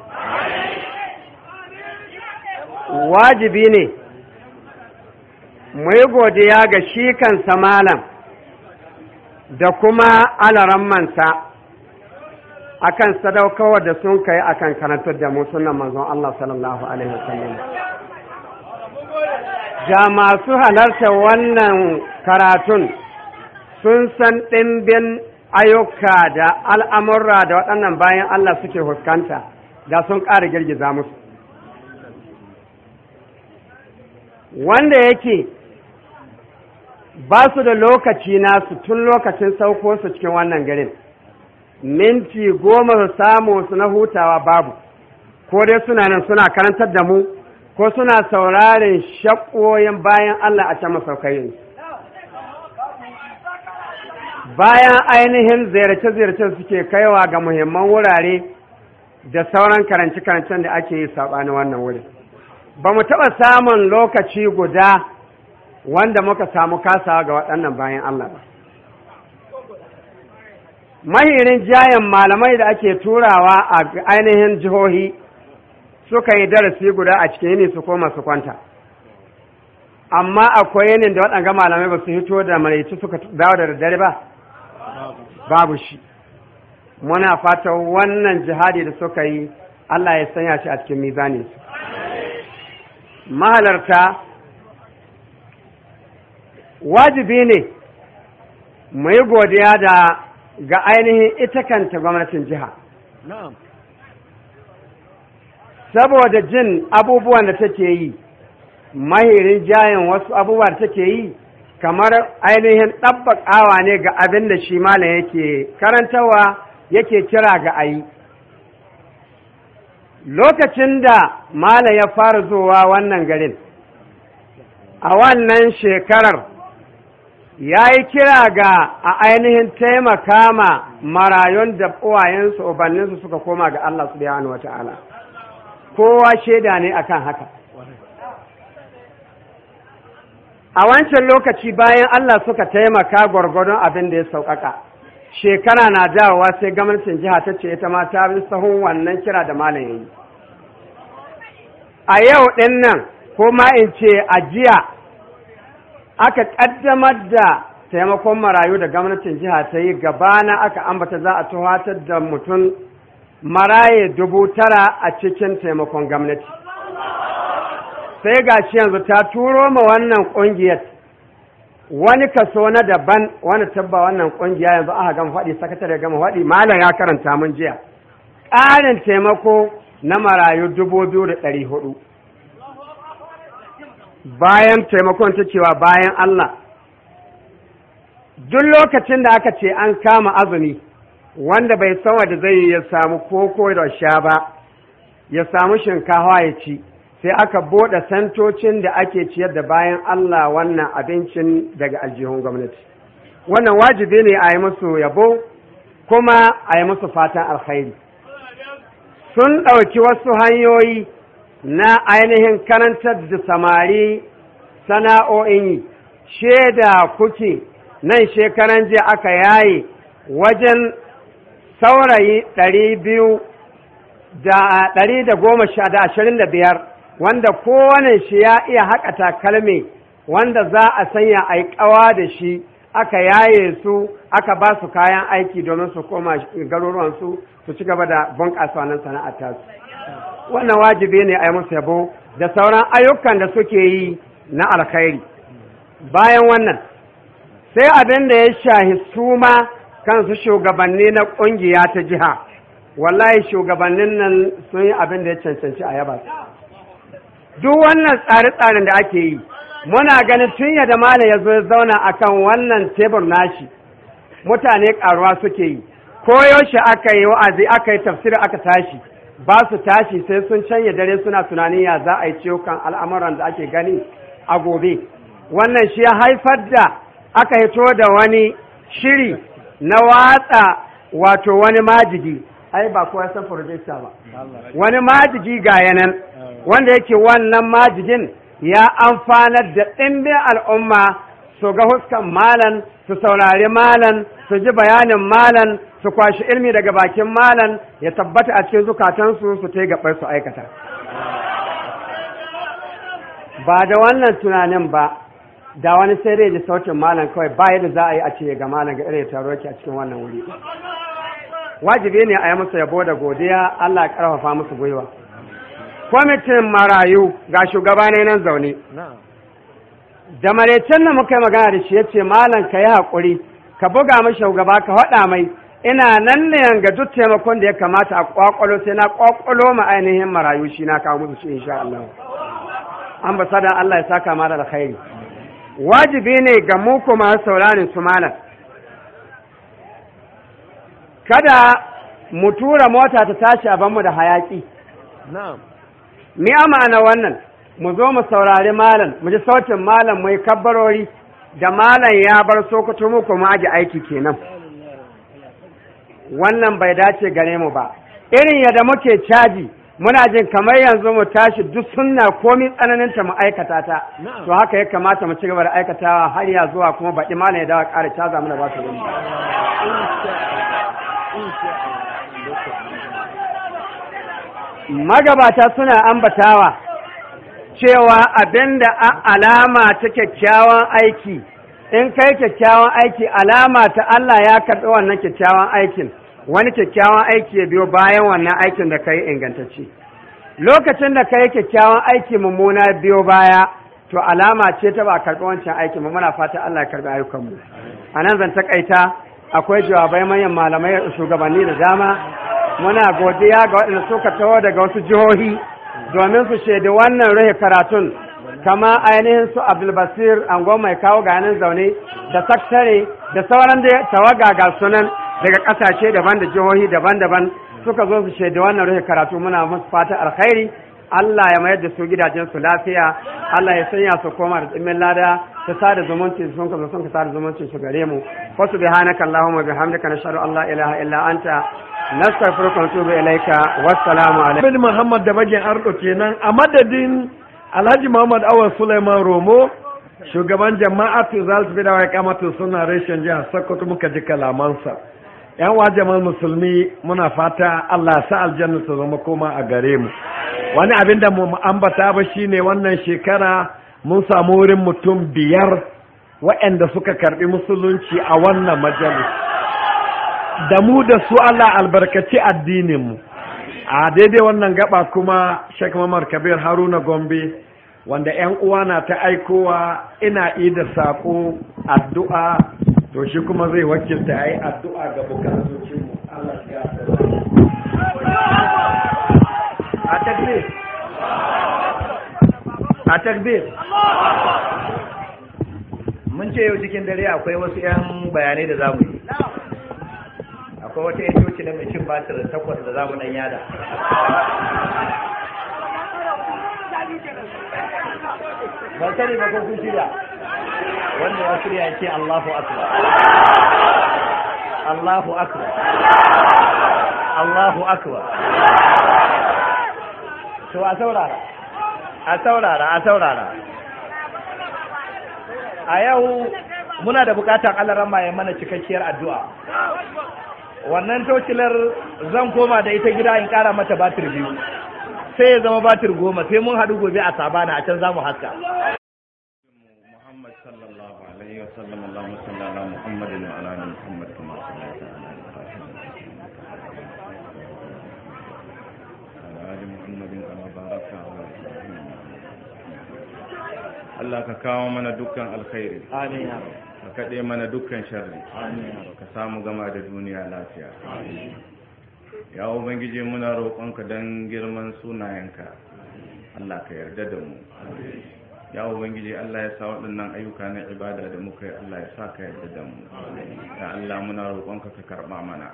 wajibi ne mu yi godiya ga shi kansa malam da kuma a akan sadaukawa da sun kai akan karantar da mu sunan manzon Allah sallallahu alaihi wasallam ga masu halarta wannan karatun sun san ɗimbin ayyuka da al'amurra da waɗannan bayan Allah suke huskanta da sun ƙara girgiza musu wanda yake ba su da lokaci nasu tun lokacin sauko su cikin wannan garin minti goma su samu su na hutawa babu ko dai suna nan suna karantar da mu ko suna sauraren shakoyin bayan Allah a can masaukai bayan ainihin ziyarce-ziyarce suke kaiwa ga muhimman wurare da sauran karance-karancen da ake yi saɓani wannan wurin ba mu taɓa samun lokaci guda wanda muka samu kasawa ga waɗannan bayan Allah ba mahirin jayan malamai da ake turawa a ainihin jihohi suka yi darasi guda a cikin yini su koma su kwanta amma akwai yanin da waɗanga malamai ba su hito da maraici suka dawo da daddare ba babu shi muna fata wannan jihadi da suka yi Allah ya sanya shi a cikin mizanin mahalarta wajibi ne mu godiya da ga ainihin ita kanta gwamnatin jiha saboda jin abubuwan da take yi mahirin jayin wasu abubuwa da take yi kamar ainihin ɗabbaƙawa ne ga abin da shi malam yake karantawa yake kira ga ayi lokacin da malam ya fara zuwa wannan garin a wannan shekarar ya yi kira ga a ainihin taimaka ma marayun da uwayensu ubanninsu suka koma ga Allah wata ta'ala kowa shaida ne akan haka a wancan lokaci bayan Allah suka taimaka gwargwadon abin da ya sauƙaƙa shekara na dawowa sai gwamnatin jiha ta ce ita ma ta bi sahun wannan kira da malam yayi a yau ɗin nan ko ma in ce a jiya aka ƙaddamar da taimakon marayu da gwamnatin jiha ta yi gabana aka ambata za a tuhatar da mutum maraye dubu tara a cikin taimakon gwamnati sai ga shi yanzu ta turo ma wannan ƙungiyar wani kaso na daban wani tabba wannan ƙungiya yanzu aka gama faɗi sakatare gama faɗi malam ya karanta mun jiya ƙarin taimako na marayu dubu biyu da ɗari hudu bayan taimakon ta cewa bayan Allah duk lokacin da aka ce an kama azumi wanda bai san wanda zai yi ya samu koko da sha ba ya samu shinkawa ya ci sai aka buɗe santocin da ake ciyar da bayan Allah wannan abincin daga aljihun gwamnati wannan wajibi ne a yi musu yabo kuma a yi musu fatan alkhairi sun ɗauki wasu hanyoyi na ainihin karantar da samari sana'o'in yi shaida kuke nan shekaran jiya aka yaye wajen saurayi ɗari biyu da ɗari da goma sha da ashirin da biyar wanda kowane shi ya iya haƙa takalmi wanda za a sanya a da shi aka yaye su aka ba su kayan aiki domin su koma garuruwansu su ci gaba da bunƙasa wannan sana'ar tasu wannan wajibi ne a yi musu yabo da sauran ayyukan da suke yi na alkhairi bayan wannan sai abin da ya shahi suma kansu shugabanni na ƙungiya ta jiha wallahi shugabannin nan sun yi abin da ya cancanci a yaba duk wannan tsare-tsaren da ake yi muna ganin tun yadda mala ya zo zauna a kan wannan tebur nashi mutane ƙaruwa suke yi koyo shi aka yi wa'azi aka yi tafsiri aka tashi ba su tashi sai sun canye dare suna tunanin ya za a yi kan al'amuran da ake gani a gobe wannan shi ya haifar da aka hito da wani shiri na watsa wato wani majigi ai ba kowa san projecta ba wani majigi ga yanan wanda yake wannan majigin ya amfanar da ɗimbin al'umma su ga huskan Malam. su saurari malan su ji bayanin malan su kwashi ilmi daga bakin malan ya tabbata a cikin zukatansu su ta gabar su aikata ba da wannan tunanin ba da wani sai dai ji sautin malan kawai ba yadda za a yi a ce ga malan ga irin taro ki a cikin wannan wuri wajibi ne a yi musu yabo da godiya Allah ya karfafa musu gwiwa kwamitin marayu ga shugaba ne nan zaune da marecen da muka yi magana da shi ya ce malam ka yi haƙuri ka buga mai shugaba ka haɗa mai ina nan ne ga duk taimakon da ya kamata a kwakwalo sai na kwakwalo ma ainihin marayu shi na kawo musu shi insha Allah ambasada Allah ya saka ma da alkhairi wajibi ne ga mu kuma sauraron su malam kada mu tura mota ta tashi a banmu da hayaki na'am ni amana wannan mu zo mu saurari malam mu ji sautin malam mai kabbarori da malam ya bar sokoto mu kuma aji aiki kenan wannan bai dace gare mu ba irin yadda muke caji muna jin kamar yanzu mu tashi duk sunna komi tsananin ta mu aikata ta to haka ya kamata mu ci gaba da aikatawa har ya zuwa kuma baɗi malam ya dawo ƙara caza mu da ba su magabata suna ambatawa cewa abin da alama ta kyakkyawan aiki in kai kyakkyawan aiki alama ta Allah ya karɓi wannan kyakkyawan aikin wani kyakkyawan aiki ya biyo bayan wannan aikin da ka yi ingantacce lokacin da ka yi kyakkyawan aiki mummuna biyo baya to alama ce ta ba karɓi wancan aikin mu muna fata Allah ya karɓi ayyukanmu a nan zan takaita akwai jawabai manyan malamai shugabanni da dama muna godiya ga waɗanda suka taho daga wasu jihohi domin su shaidi wannan ruhe karatun kama ainihin su abdulbasir angon mai kawo ganin zaune da saktare da sauran da tawaga ga sunan daga ƙasashe daban da jihohi daban-daban suka zo su shaidi wannan ruhe karatu muna masu fata alkhairi Allah ya mayar da su gidajen su lafiya Allah ya sanya su koma da tsimin lada ta sada zumunci sun ka sun ka sada zumunci su gare mu wa subhanaka allahumma bihamdika nashhadu an la ilaha illa anta nastaghfiruka wa natubu ilaika wassalamu alaikum bin muhammad da bagin ardo kenan a madadin alhaji muhammad awal suleiman romo shugaban jama'atu zalsu bidawa ya kamata suna reshen jihar sokoto muka ji kalamansa yan wa musulmi muna fata Allah sa aljanna su zama koma a gare mu wani abin da mu ambata ba shine wannan shekara mun samu wurin mutum biyar waɗanda suka karɓi musulunci a wannan majalis da mu da su Allah albarkaci addininmu a daidai wannan gaba kuma Sheikh muhammad Kabir Haruna Gombe wanda 'yan uwa na ta aikowa ina ida saƙo addu'a to shi kuma zai wakilta a yi addu'a ga mu Allah ya a takbir a takbir mun ce yau cikin dare akwai wasu 'yan bayanai da zamu yi akwai wata yan coci na mai cin batir takwas da zamu nan yada ban sani ba ko kun shirya wanda ya shirya ke ce Allahu akbar Allahu akbar Allahu akbar to a saurara a saurara a saurara a yau muna da bukatar alaran ya mana cikakkiyar addu'a wannan tocilar zan koma da ita gida in kara mata batir biyu sai ya zama batir goma sai mun haɗu gobe a sabana a can za mu haska Allah ka kawo mana dukkan alkhairi amin ka kade mana dukkan sharri amin ka samu gama da duniya lafiya amin ya ubangiji muna roƙonka don girman sunayenka Allah ka yarda da mu amin ya ubangiji Allah ya sa waɗannan ayyuka na ibada da muka yi Allah ya sa ka yadda da mu ya Allah muna roƙonka ka karɓa mana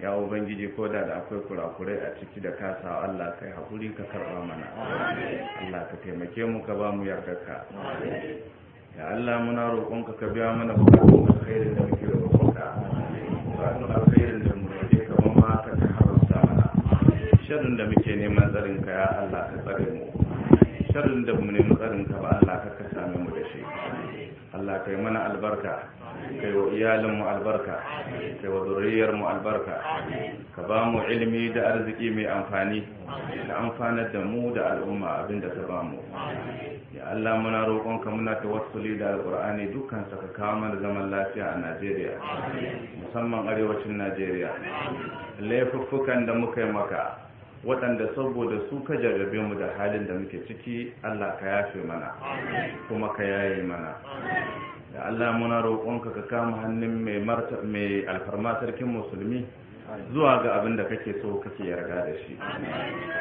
ya ubangiji ko da da akwai kurakurai a ciki da ka sa Allah kai hakuri ka karɓa mana Allah ka taimake mu ka ba mu yardarka ya Allah muna roƙonka ka biya mana bukatun alkhairin da muke da roƙonka bukatun alkhairin da mu roƙe ka ma ka haramta mana shirin da muke neman tsarin ka ya Allah ka tsare mu sharrin da mu nemi karin ka ba Allah ka same mu da shi Allah kai mana albarka kai wa iyalin mu albarka kai wa zuriyar mu albarka ka ba mu ilimi da arziki mai amfani da amfanar da mu da al'umma abinda ka ba mu ya Allah muna ka muna tawassuli da alƙur'ani dukkan saka kawo zaman lafiya a Najeriya musamman arewacin Najeriya laifuffukan da muka yi maka waɗanda saboda su ka jarrabe mu da halin da muke ciki Allah ka yafe mana kuma ka yaye mana da Allah muna roƙonka ka kama hannun mai alfarma sarkin musulmi zuwa ga abin da kake so kake yarda da shi ka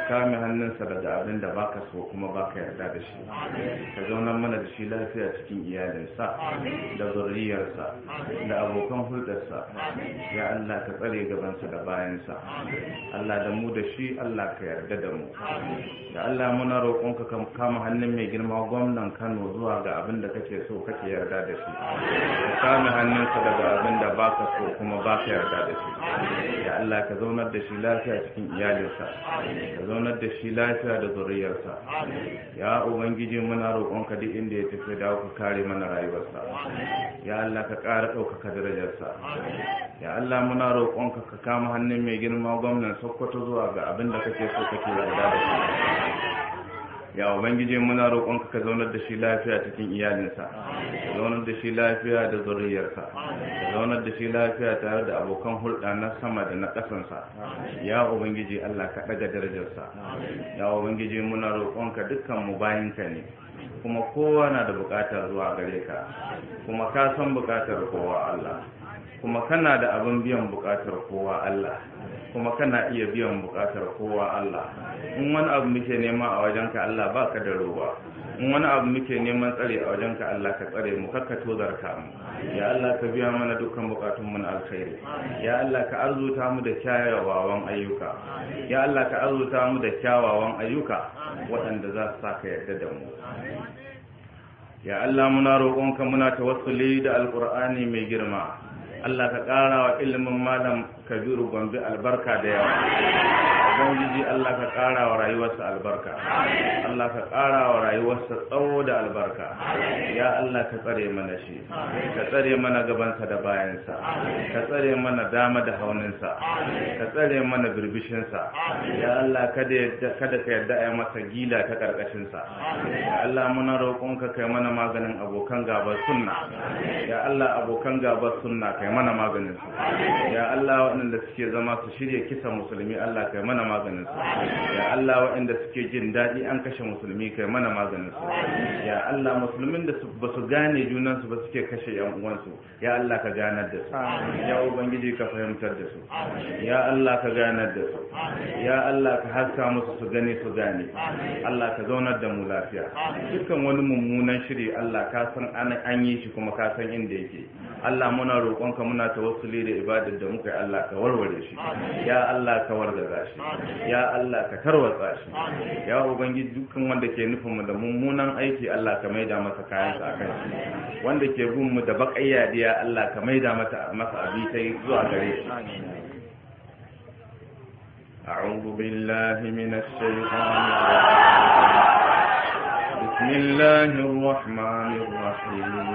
kame hannunsa daga abin da baka so kuma baka yarda da shi ka zauna mana da shi lafiya cikin iyalinsa da zurriyarsa da abokan hulɗarsa ya Allah ka tsare gabansa da bayansa Allah da mu da shi Allah ka yarda da mu da Allah muna roƙonka ka kama hannun mai girma gwamnan Kano zuwa ga abin da kake so kake yarda da shi ka kame hannunsa daga abin da baka so kuma baka yarda da shi ya Allah ka zaunar da shi lafiya cikin iyalinsa ka zaunar da shi lafiya da zuriyarsa ya ubangiji muna roƙonka duk inda ya tafi da ku kare mana rayuwarsa ya Allah ka ƙara ɗaukaka darajarsa ya Allah muna roƙonka ka kama hannun mai girma gwamnan Sokoto zuwa ga abin da kake so kake yarda da shi ya ubangiji muna roƙonka ka zaunar da shi lafiya cikin iyalinsa ka zaunar da shi lafiya da zuriyarsa ka zaunar da shi lafiya tare da abokan hulɗa na sama da na ƙasansa ya ubangiji Allah ka ɗaga darajarsa ya ubangiji muna roƙonka dukkan mu bayinka ne kuma kowa na da buƙatar zuwa gare ka kuma ka san buƙatar kowa Allah kuma kana da abin biyan buƙatar kowa Allah kuma kana iya biyan bukatar kowa Allah in wani abu muke nema a wajenka Allah ba ka da ruwa in wani abu muke neman tsare a wajenka Allah ka tsare mu kakka tozarka mu ya Allah ka biya mana dukkan bukatun mu na alkhairi ya Allah ka arzuta mu da kyawawan ayyuka ya Allah ka arzuta mu da kyawawan ayyuka waɗanda za su saka yadda da mu ya Allah muna roƙonka muna tawassuli da alƙur'ani mai girma Allah ka ƙara wa ilimin malam Kabiru Gombe albarka da yawa Ubangiji Allah ka ƙara wa rayuwarsa albarka Allah ka ƙara wa rayuwarsa tsawo da albarka ya Allah ka tsare mana shi ka tsare mana gabansa da bayansa ka tsare mana dama da hauninsa ka tsare mana birbishinsa ya Allah kada ka yarda a masa gila ta ƙarƙashinsa ya Allah muna roƙonka kai mana maganin abokan gabar sunna ya Allah abokan gabar sunna kai mana maganin su ya Allah waɗanda suke zama su shirya kisa musulmi Allah kai mana maganin su ya Allah waɗanda suke jin daɗi an kashe musulmi kai mana maganin su ya Allah musulmin da su basu gane junan su ba suke kashe yan uwansu ya Allah ka ganar da su ya ubangiji ka fahimtar da su ya Allah ka ganar da su ya Allah ka haska musu su gane su gane Allah ka zaunar da mu lafiya dukkan wani mummunan shiri Allah ka san an yi shi kuma ka san inda yake Allah muna roƙonka muna tawassuli da ibadar da muka yi Allah ka warware shi ya Allah ka wargaza shi ya Allah ka tarwatsa shi ya ubangiji dukkan wanda ke nufin mu da mummunan aiki Allah ka maida masa kayan sa akan shi wanda ke bin mu da bakayya diya Allah ka maida mata masa abi sai zuwa gare shi أعوذ بالله من الشيطان بسم الله الرحمن الرحيم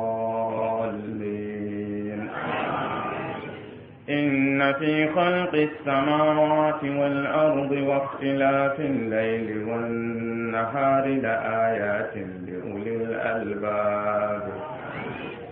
إن في خلق السماوات والأرض واختلاف الليل والنهار لآيات لأولي الألباب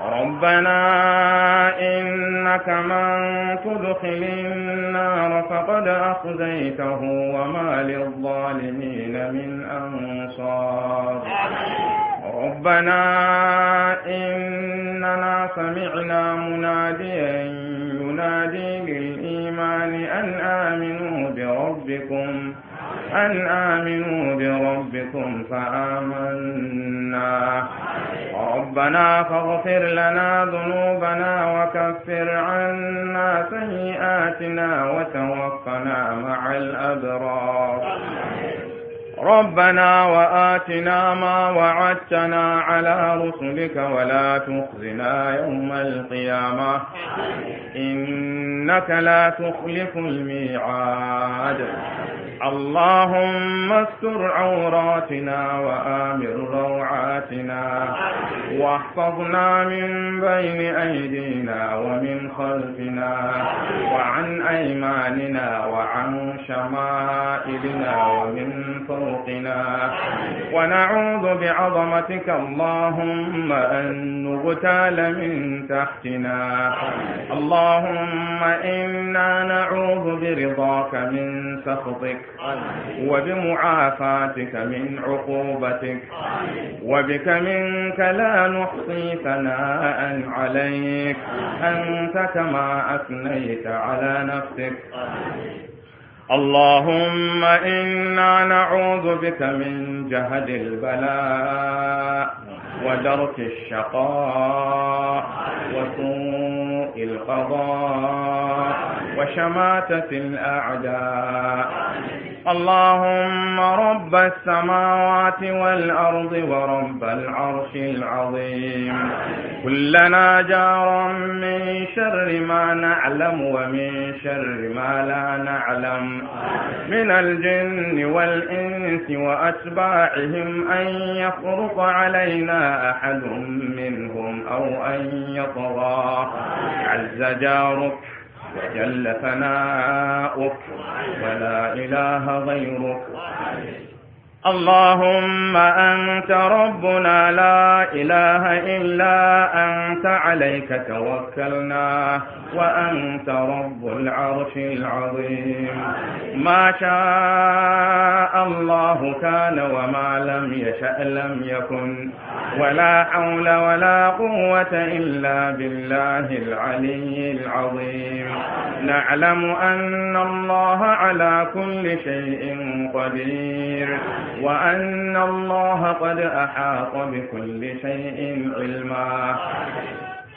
ربنا إنك من تدخل النار فقد أخزيته وما للظالمين من أنصار ربنا إننا سمعنا مناديا ينادي للإيمان أن آمنوا بربكم أن آمنوا بربكم فآمنا ربنا فاغفر لنا ذنوبنا وكفر عنا سيئاتنا وتوفنا مع الأبرار ربنا وآتنا ما وعدتنا على رسلك ولا تخزنا يوم القيامة إنك لا تخلف الميعاد اللهم استر عوراتنا وآمر روعاتنا واحفظنا من بين أيدينا ومن خلفنا وعن أيماننا وعن شمائلنا ومن فوقنا تبقنا ونعوذ بعظمتك اللهم أن نغتال من تحتنا اللهم إنا نعوذ برضاك من سخطك وبمعافاتك من عقوبتك وبك منك لا نحصي ثناء عليك أنت كما أثنيت على نفسك اللهم إنا نعوذ بك من جهد البلاء ودرك الشقاء وسوء القضاء وشماتة الأعداء اللهم رب السماوات والأرض ورب العرش العظيم كلنا جارا من شر ما نعلم ومن شر ما لا نعلم من الجن والإنس وأتباعهم أن يخرق علينا أحد منهم أو أن يطغى عز جارك وجل ثناؤك ولا إله غيرك اللهم أنت ربنا لا إله إلا أنت عليك توكلنا وأنت رب العرش العظيم ما شاء الله كان وما لم يشأ لم يكن ولا حول ولا قوة إلا بالله العلي العظيم نعلم أن الله على كل شيء قدير وأن الله قد أحاط بكل شيء علما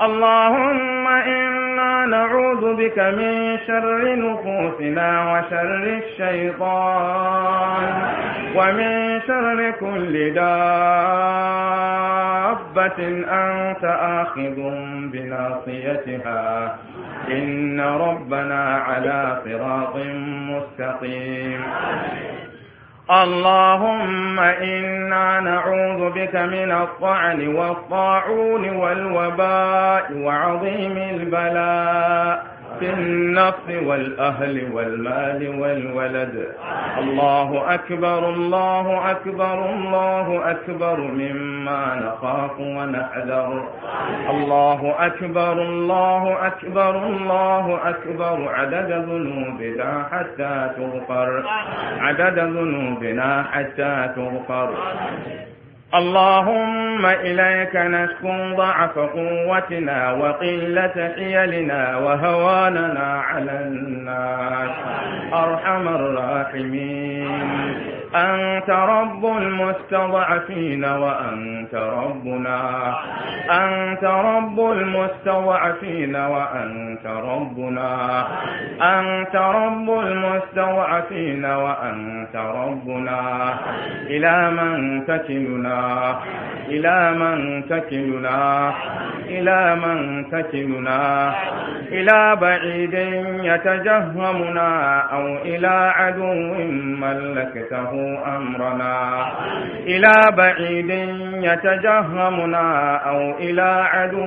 اللهم إنا نعوذ بك من شر نفوسنا وشر الشيطان ومن شر كل دابة أنت آخذ بناصيتها إن ربنا على صراط مستقيم اللهم إنا نعوذ بك من الطعن والطاعون والوباء وعظيم البلاء النفس والأهل والمال والولد الله أكبر الله أكبر الله أكبر مما نخاف ونحذر الله أكبر الله أكبر الله أكبر عدد ذنوبنا حتى تغفر عدد ذنوبنا حتى تغفر اللهم إليك نشكو ضعف قوتنا وقلة حيلنا وهواننا على الناس أرحم الراحمين أنت رب المستضعفين وأنت ربنا أنت رب المستضعفين وأنت ربنا أنت رب المستضعفين وأنت ربنا إلى من تكلنا إلى من تكلنا إلى من تكلنا إلى بعيد يتجهمنا أو إلى عدو ملكته أمرنا إلى بعيد يتجهمنا أو إلى عدو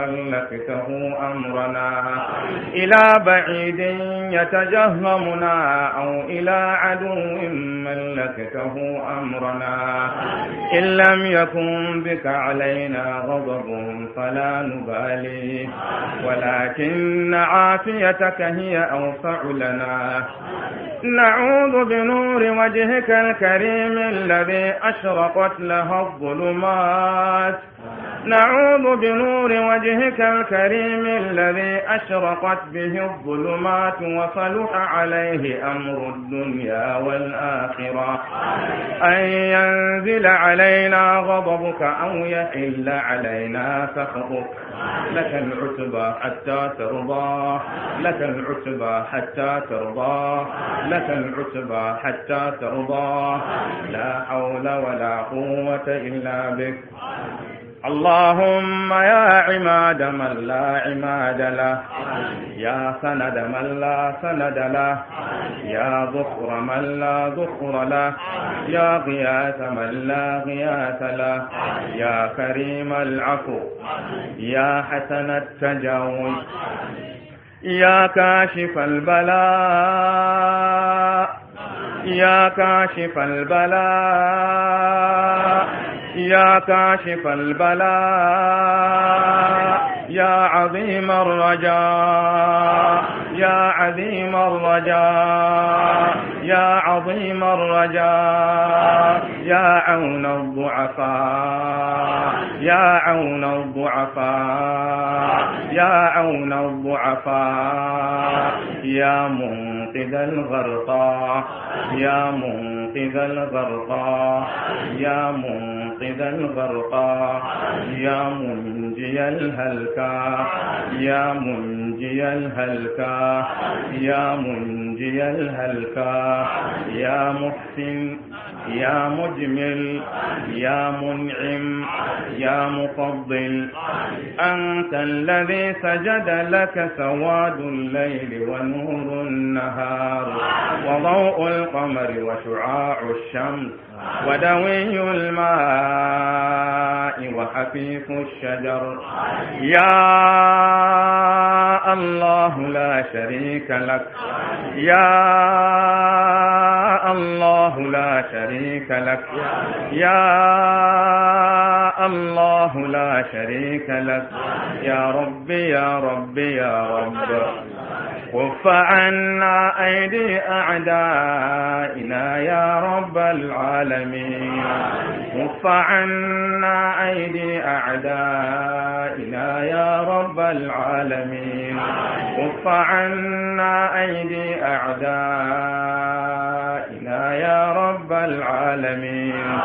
ملكته أمرنا إلى بعيد يتجهمنا أو إلى عدو ملكته أمرنا إن لم يكن بك علينا غضب فلا نبالي ولكن عافيتك هي أوسع لنا نعوذ بنور وجهك وجهك الكريم الذي أشرقت لها الظلمات نعوذ بنور وجهك الكريم الذي أشرقت به الظلمات وصلح عليه أمر الدنيا والآخرة أن ينزل علينا غضبك أو يحل علينا سخطك لك العتبى حتى ترضى لك العتبى حتى ترضى لك العتبى حتى ترضى وترضى لا حول ولا قوة إلا بك اللهم يا عماد من لا عماد له يا سند من لا سند له يا ذخر من لا ذخر له يا غياث من لا غياث له يا كريم العفو يا حسن التجاوز يا كاشف البلاء يا كاشف البلاء يا كاشف البلاء يا عظيم الرجاء يا عظيم الرجاء يا عظيم الرجاء يا عون الضعفاء يا عون الضعفاء يا عون الضعفاء يا منقذ الغرقى يا منقذ الغرقى يا منقذ الغرقى يا منجي الهلكى يا منجي الهلكى يا منجي الهلكى يا محسن يا مجمل يا منعم يا مفضل أنت الذي سجد لك سواد الليل ونور النهار وضوء القمر وشعاع الشمس ودوي الماء وحفيف الشجر يا الله لا شريك لك يا الله لا شريك لك يا الله لا شريك لك يا ربي يا ربي يا رب كف عنا أيدي أعدائنا يا رب العالمين كف عنا أيدي أعدائنا يا رب العالمين كف عنا أيدي أعدائنا يا رب العالمين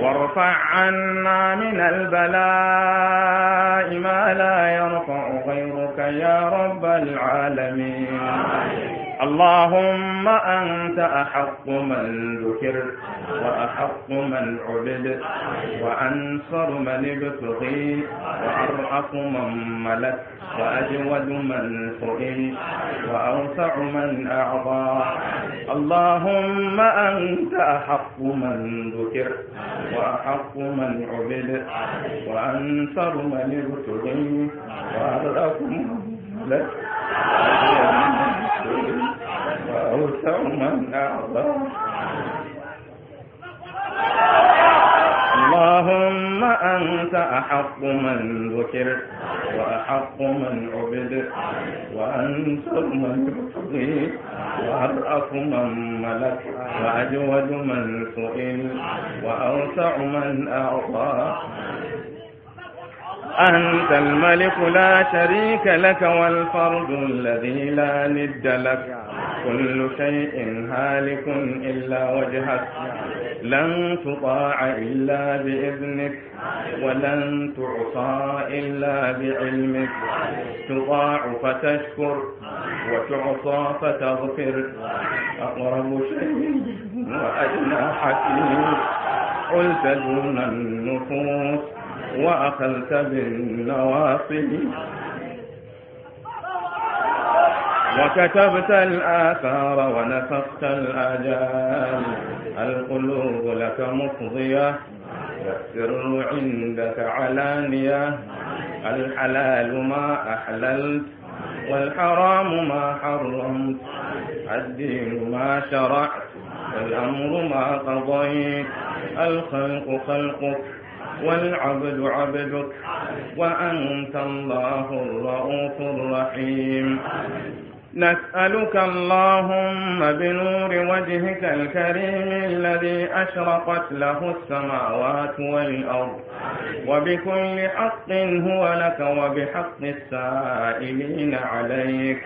وارفع عنا من البلاء ما لا يرفع غيرك يا رب العالمين العالمين اللهم أنت أحق من ذكر وأحق من عبد وأنصر من ابتغي وأرأف من ملك وأجود من سئل وأوسع من أعطى اللهم أنت أحق من ذكر وأحق من عبد وأنصر من ابتغي وأرأف من ملك اللهم أنت أحق من ذكر وأحق من عبد وأنت من يقضي وأرأف من ملك وأجود من سئل وأوسع من أعطى أنت الملك لا شريك لك والفرد الذي لا ند لك كل شيء هالك إلا وجهك لن تطاع إلا بإذنك ولن تعصى إلا بعلمك تطاع فتشكر وتعصى فتغفر أقرب شيء وأدنى حكيم قلت دون النفوس وأخذت بالنواصي وكتبت الآثار ونفخت الآجال القلوب لك مفضية والسر عندك علانية الحلال ما أحللت والحرام ما حرمت الدين ما شرعت والأمر ما قضيت الخلق خلقك والعبد عبدك وأنت الله الرؤوف الرحيم نسألك اللهم بنور وجهك الكريم الذي أشرقت له السماوات والأرض وبكل حق هو لك وبحق السائلين عليك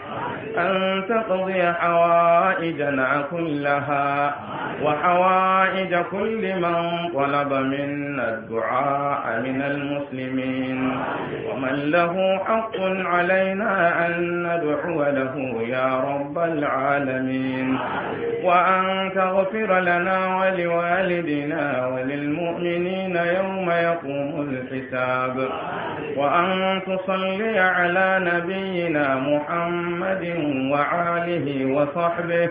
أن تقضي حوائجنا كلها وحوائج كل من طلب منا الدعاء من المسلمين ومن له حق علينا أن ندعو له يا رب العالمين وأن تغفر لنا ولوالدنا وللمؤمنين يوم يقوم الحساب وأن تصلي على نبينا محمد وعاله وصحبه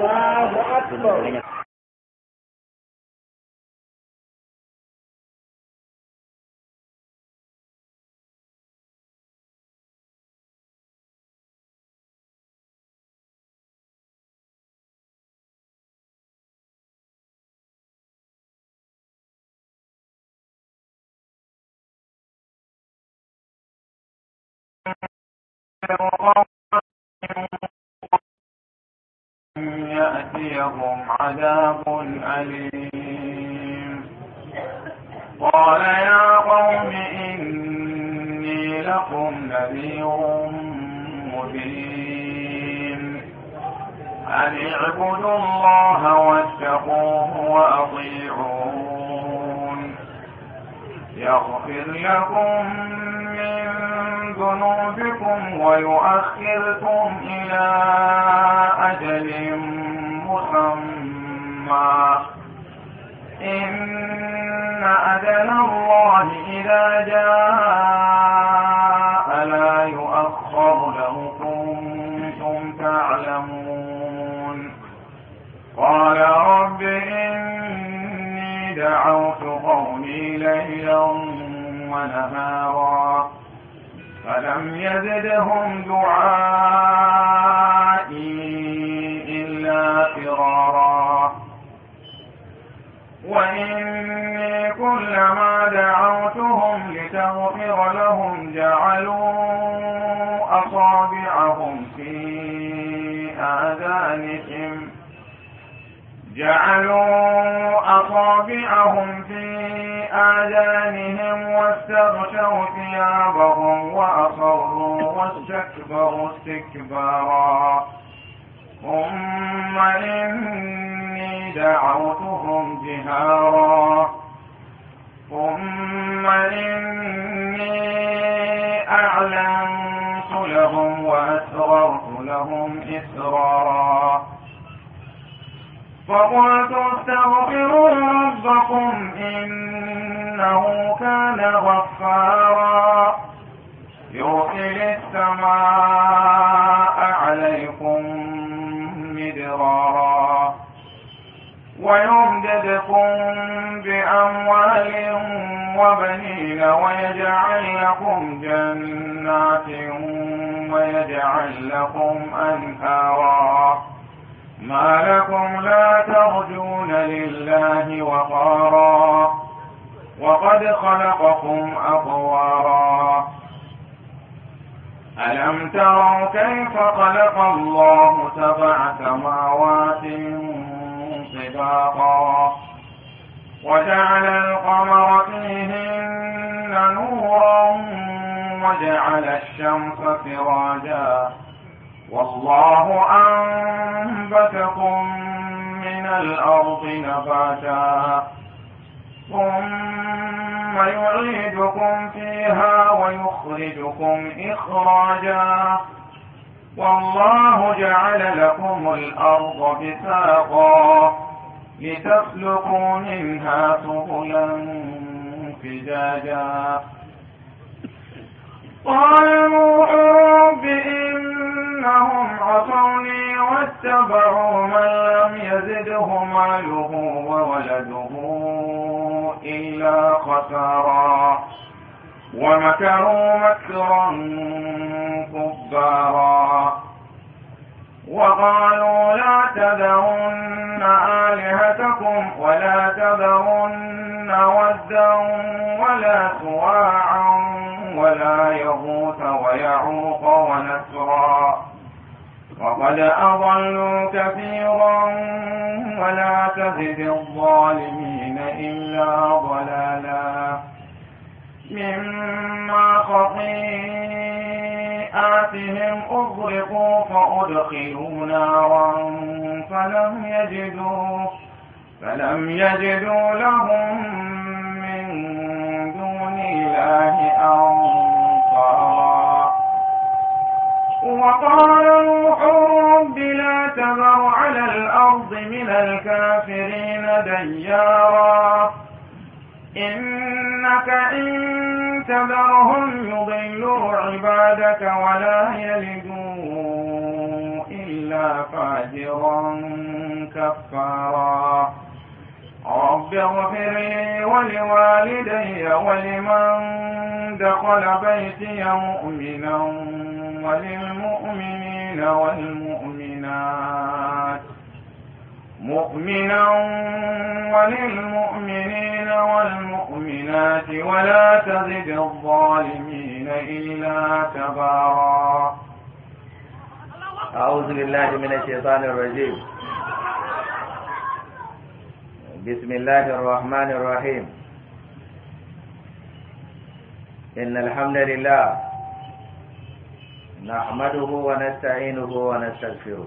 الله أكبر Thank you. يأتيهم عذاب أليم قال يا قوم إني لكم نذير مبين أن اعبدوا الله واتقوه وأطيعون يغفر لكم من ذنوبكم ويؤخركم إلى أجل مسمى إن أدنى الله إذا جاء لا يؤخر له كنتم تعلمون قال رب إني دعوت قومي ليلا ونهارا فلم يزدهم دعائي جعلوا أصابعهم في آذانهم جعلوا أصابعهم في آذانهم واستغشوا ثيابهم وأصروا واستكبروا استكبارا ثم إني دعوتهم جهارا ثم إني أعلنت لهم وأسررت لهم إسرارا فقلت استغفروا ربكم إنه كان غفارا يرسل السماء عليكم مدرارا ويمددكم بأموال وبنين ويجعل لكم جنات ويجعل لكم أنهارا ما لكم لا ترجون لله وقارا وقد خلقكم أطوارا ألم تروا كيف خلق الله سبع سماوات ميثاقا وجعل القمر فيهن نورا وجعل الشمس سراجا والله أنبتكم من الأرض نباتا ثم يعيدكم فيها ويخرجكم إخراجا والله جعل لكم الأرض بساقا لتخلقوا منها طغلا فجاجا قال نوح رب إنهم عصوني واتبعوا من لم يزده ماله وولده إلا خسارا ومكروا مكرا كبارا وقالوا لا تذرن آلهتكم ولا تذرن ودا ولا سواعا ولا يغوث ويعوق ونسرا وقد أضلوا كثيرا ولا تزد الظالمين إلا ضلالا مما خطير سيئاتهم أغرقوا فأدخلوا نارا فلم يجدوا فلم يجدوا لهم من دون الله أنصارا وقال نوح رب لا تذر على الأرض من الكافرين ديارا إنك إن تذرهم يضلوا عبادك ولا يلدوا إلا فاجرا كفارا رب اغفر لي ولوالدي ولمن دخل بيتي مؤمنا وللمؤمنين والمؤمنات مؤمنا وللمؤمنين والمؤمنات ولا تزد الظالمين إلا تبارا أعوذ بالله من الشيطان الرجيم بسم الله الرحمن الرحيم إن الحمد لله نحمده ونستعينه ونستغفره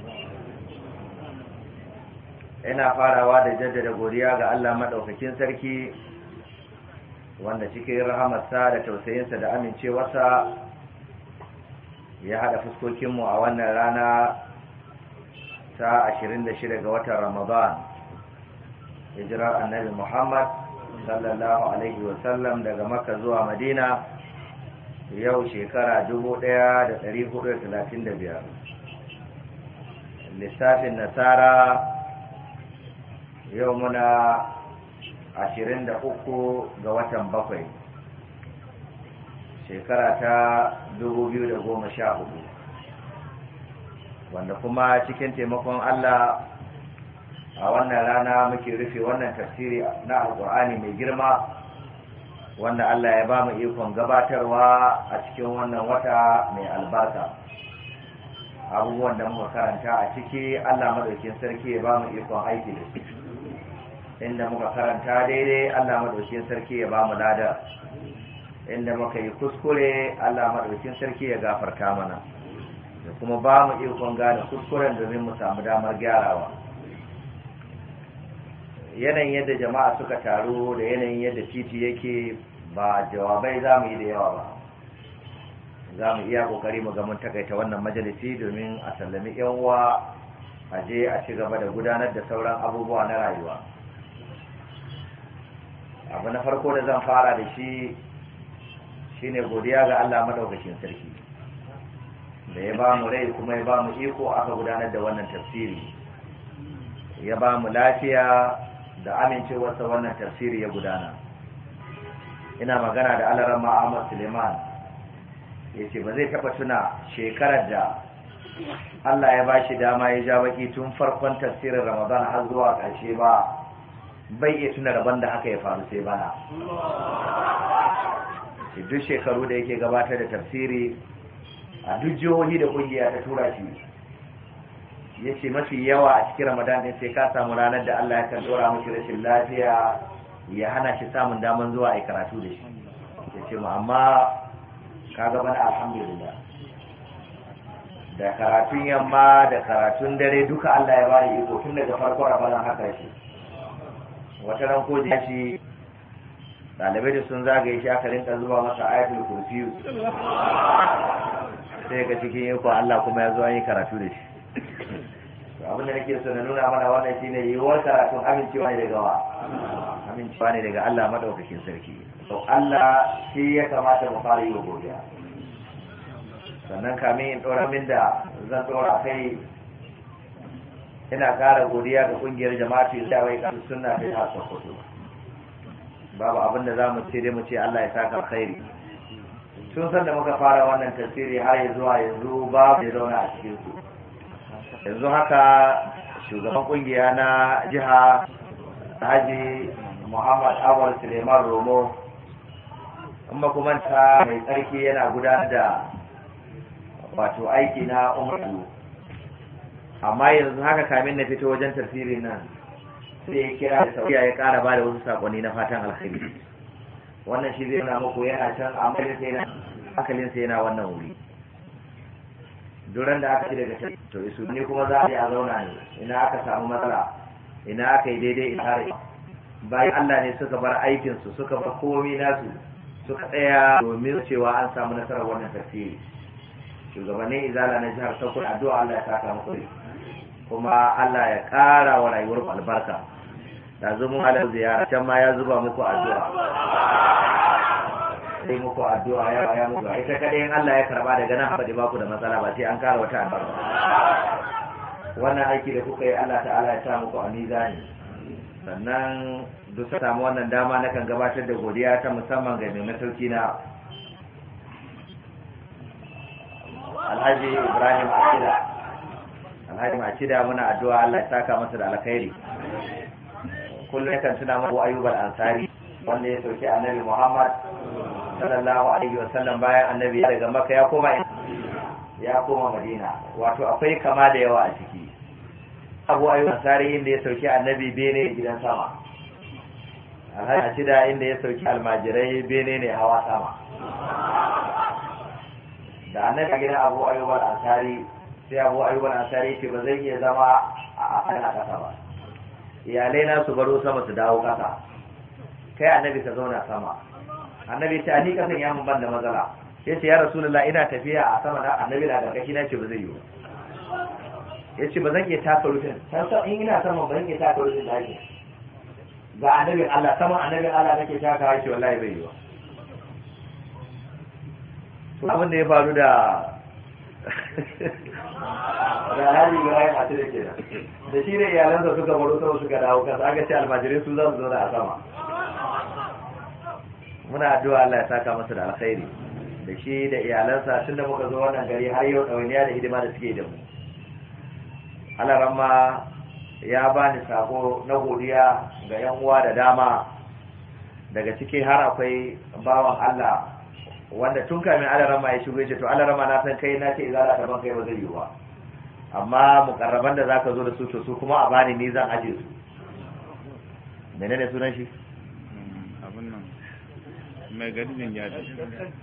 ina farawa da jaddada godiya ga Allah madaukakin sarki wanda cikin rahamarsa da tausayinsa da amincewarsa ya hada fuskokinmu a wannan rana ta 26 ga watan Ramadan hijirar annabi Muhammad sallallahu alaihi sallam daga Makka zuwa Madina yau shekara 1435 lissafin nasara yau muna ashirin da uku ga watan bakwai shekara ta dubu biyu da goma sha hudu wanda kuma cikin taimakon Allah a wannan rana muke rufe wannan tafsiri na alkur'ani mai girma wanda Allah ya ba mu ikon gabatarwa a cikin wannan wata mai albarka abubuwan da muka karanta a ciki Allah madaukin sarki ya ba mu ikon aiki da su inda muka karanta daidai Allah madaukakin sarki ya ba lada inda muka yi kuskure Allah madaukakin sarki ya gafarta mana da kuma ba mu ikon gane kuskuren domin mu samu damar gyarawa yanayin yadda jama'a suka taru da yanayin yadda titi yake ba jawabai za mu yi da yawa ba za mu iya kokari mu ga mun takaita wannan majalisi domin a sallami yan uwa a je a ci gaba da gudanar da sauran abubuwa na rayuwa abu na farko da zan fara da shi shi ne godiya ga Allah maɗaukacin sarki da ya ba mu rai kuma ya ba mu iko aka gudanar da wannan tafsiri ya ba mu lafiya da amincewarsa wannan tafsiri ya gudana ina magana da alaran Ahmad suleiman ya ce ba zai taɓa tuna shekarar da allah ya bashi dama ya ja baki tun farkon tafsirin ramadan har zuwa ƙarshe ba bai iya tuna rabon da haka ya faru sai bana duk shekaru da yake gabatar da tafsiri a duk jihohi da kungiya ta tura shi ya ce mafi yawa a cikin ramadan ɗin sai ka samu ranar da allah ya kan dora mashi rashin lafiya ya hana shi samun daman zuwa a karatu da shi ya ce amma ka gaba na alhamdulillah da karatun yamma da karatun dare duka allah ya bari iko tun daga farko ramadan haka shi wata ran ko da shi dalibai da sun zagaye shi aka rinka zuba masa ayatul kursi sai ga cikin iko Allah kuma ya zo an yi karatu da shi abin da nake so na nuna mana wannan shine yiwuwar karatun amincewa ne daga wa amincewa ne daga Allah madaukakin sarki to Allah shi ya kamata mu fara yi wa godiya sannan kamin in dora min da zan dora kai Yana kara godiya ga kungiyar jama'atu ya bai kan sunna ta ta sokoto babu abin da zamu ce dai mu ce Allah ya saka khairi tun san da muka fara wannan tasiri har ya zuwa yanzu babu ya zauna a cikin su yanzu haka shugaban kungiya na jiha Haji Muhammad Awal Suleiman Romo amma kuma ta mai tsarki yana gudanar da wato aiki na umaru amma yanzu haka kamin na fito wajen tafsiri nan sai ya kira da sauya ya kara ba da wasu sakonni na fatan alkhairi wannan shi zai nuna muku yana can amalin sai na akalin sai na wannan wuri duran da aka ci daga can to isu ne kuma za a yi a zauna ne ina aka samu matsala ina aka yi daidai ina har bayan Allah ne suka bar aikin su suka bar komai nasu suka tsaya domin cewa an samu nasarar wannan tafsiri shugabannin izala na jihar Sokoto addu'a Allah ya saka muku kuma Allah ya ƙara wa rayuwar albarka da zumun halar ziyara can ma ya zuba muku addu'a sai muku addu'a ya ya muku ita kadai in Allah ya karba daga nan ba ba ku da matsala ba sai an ƙara wata albarka wannan aiki da kuka yi Allah ta'ala ya sa muku a ne. sannan duk samu wannan dama na kan gabatar da godiya ta musamman ga mai masauki na Alhaji Ibrahim akira ci da muna addu'a Allah ya saka masa da alkhairi kullum yakan tuna mu ayyuba al-Ansari wanda ya soke Annabi Muhammad sallallahu alaihi wa sallam, bayan Annabi daga Makka ya koma ya koma Madina wato akwai kama da yawa a ciki Abu Ayyub al-Ansari inda ya soke Annabi bene gidan sama Alhaji Macida inda ya soke almajirai bene ne hawa sama da Annabi gidan Abu Ayyub al-Ansari sai abu ayyuba na sare ce ba zai iya zama a ana kasa ba iyalai na su baro sama su dawo kasa kai annabi ta zauna sama annabi ta, ni kasan ya mun ban da matsala sai ce ya rasulullah ina tafiya a sama na annabi da karkashi na ce ba zai yi ba ya ce ba zan iya taka rufin in ina sama ba zan iya taka rufin da ake ga annabin Allah sama annabin Allah nake taka haki wallahi bai yi ba abin da ya faru da da hali ibrahim a tire kenan da shi ne iyalansa suka baro sama suka dawo kasa aka ce almajirai su za su zauna a sama muna addu'a Allah ya saka masa da alkhairi da shi da iyalansa tun da muka zo wannan gari har yau ɗawainiya da hidima da suke da mu Allah ramma ya bani sako na godiya ga yan uwa da dama daga ciki har akwai bawan Allah wanda tun kamin alarama ya shigo ya ce to alarama na san kai na ce izala ta ban kai ba zai yi ba amma mukarraban da zaka zo da su to su kuma a bani ni zan aje su menene sunan shi hmm, abin nan mai gadin ya ce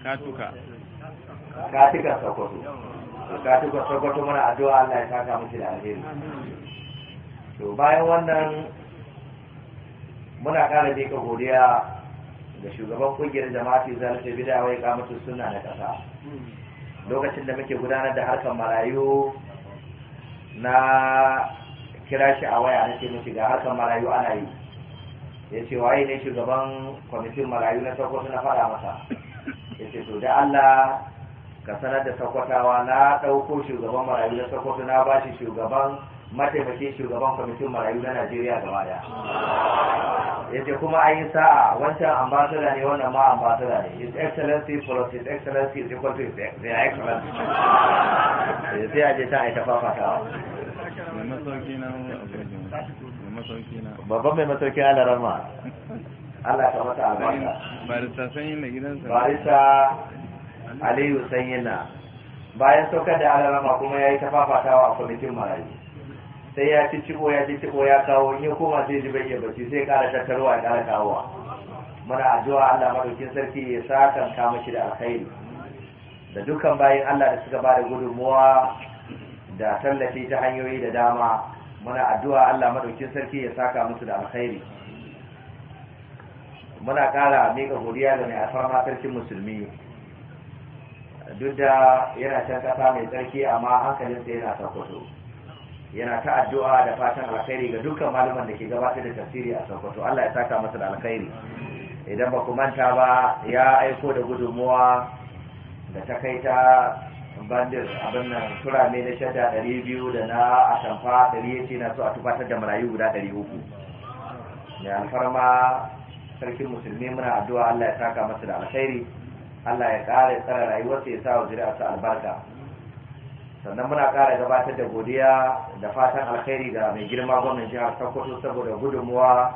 katuka katuka sokoto katuka sokoto mana addu'a Allah ya saka miki da alheri to bayan wannan muna kara je ka godiya da shugaban kungiyar jama'atu zalata bid'a wa iqamatu suna na kasa lokacin da muke gudanar da harkar marayu na kira shi a waya na ce muke ga harkar marayu ana yi ya ce waye ne shugaban kwamitin marayu na sokoto na fara masa ya ce to da allah ka sanar da sokotawa na ɗauko shugaban marayu na sokoto na ba shi shugaban mataimakin shugaban kwamitin marayu na Najeriya gaba daya. ce kuma an yi sa'a wancan ambasada ne wannan ma ambasada ne. His Excellency plus His Excellency is equal to His Excellency. Eh, sai a je ta aita fafatawa. Babban mai masauki na Larama. Allah ka mata albarka. Barista sanyi na gidansa. Barista Aliyu sanyi na. Bayan saukar da Alarama kuma ya yi ta fafatawa a kwamitin marayu. sai ya ci ciko ya ci ciko ya kawo in ya koma zai ji bai bacci sai kara tattarwa ya kara kawowa muna addu'a Allah madaukin sarki ya saka kama shi da alkhairi da dukkan bayin Allah da suka bada gudunmuwa da tallafi ta hanyoyi da dama muna addu'a Allah madaukin sarki ya saka musu da alkhairi muna kara mika godiya ga mai alfarma sarkin musulmi duk da yana can kasa mai tsarki amma hankalinsa yana sakwato yana ta addu'a da fatan alkhairi ga dukkan malaman da ke gabatar da tafsiri a Sokoto Allah ya saka masa da alkhairi idan ba ku manta ba ya aiko da gudunmuwa da ta kai ta bandir abin nan tura na shadda ɗari biyu da na atamfa ɗari ya ce na so a tufatar da marayu guda ɗari uku da alfarma sarkin musulmi muna addu'a Allah ya saka masa da alkhairi Allah ya ƙara tsara rayuwarsa ya sa wa zuri'arsa albarka sannan muna ƙara gabatar da godiya da fatan alkhairi ga mai girma gwamnan jihar sokoto saboda gudunmuwa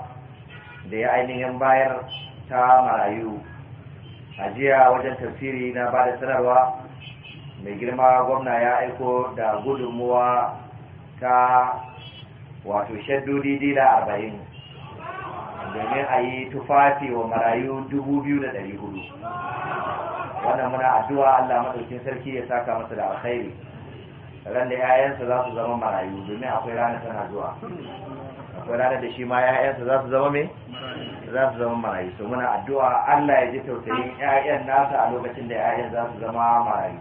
da ya ainihin bayar ta marayu a jiya wajen tafsiri na ba da sanarwa mai girma gwamna ya aiko da gudunmuwa ta wato didi da arba'in domin a yi tufafi wa marayu dubu biyu da ɗari hudu wannan muna addu'a allah maɗaukin sarki ya saka masa da alkhairi ran da yayansa za su zama marayu domin akwai rana tana zuwa akwai rana da shi ma yayansa za su zama me za su zama marayu so muna addu'a Allah ya ji tausayin yayan nasa a lokacin da yayan za su zama marayu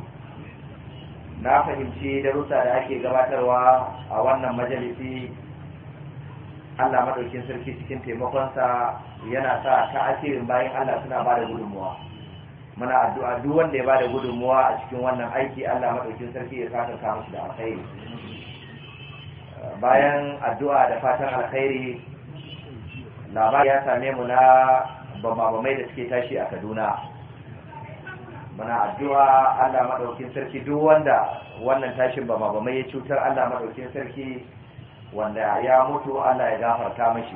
na fahimci darussa da ake gabatarwa a wannan majalisi Allah madaukin sarki cikin taimakonsa yana sa ta asirin bayan Allah suna bada da gudunmuwa muna addu'a duk wanda ya bada gudunmuwa a cikin wannan aiki Allah madaukin sarki ya saka ka musu da alkhairi bayan addu'a da fatan alkhairi labari ya same mu na bamabamai da suke tashi a Kaduna muna addu'a Allah madaukin sarki duk wanda wannan tashin bamabamai ya cutar Allah madaukin sarki wanda ya mutu Allah ya gafarta mashi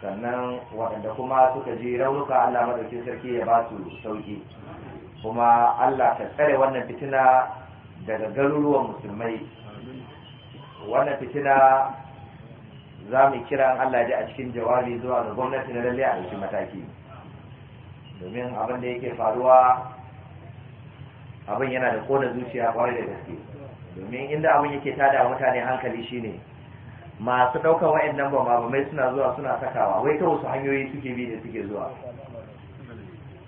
sannan waɗanda kuma suka ji raunuka Allah madaukin sarki ya ba su sauki kuma Allah ka tsare wannan fitina daga garuruwan musulmai wannan fitina za mu kira Allah ji a cikin jawabi zuwa ga gwamnati na lalle a ɗauki mataki domin abin da yake faruwa abin yana da kona zuciya kwarai da gaske domin inda abin yake tada mutane hankali shine masu ɗaukar wa'annan ba mai suna zuwa suna sakawa wai ta wasu hanyoyi suke bi ne suke zuwa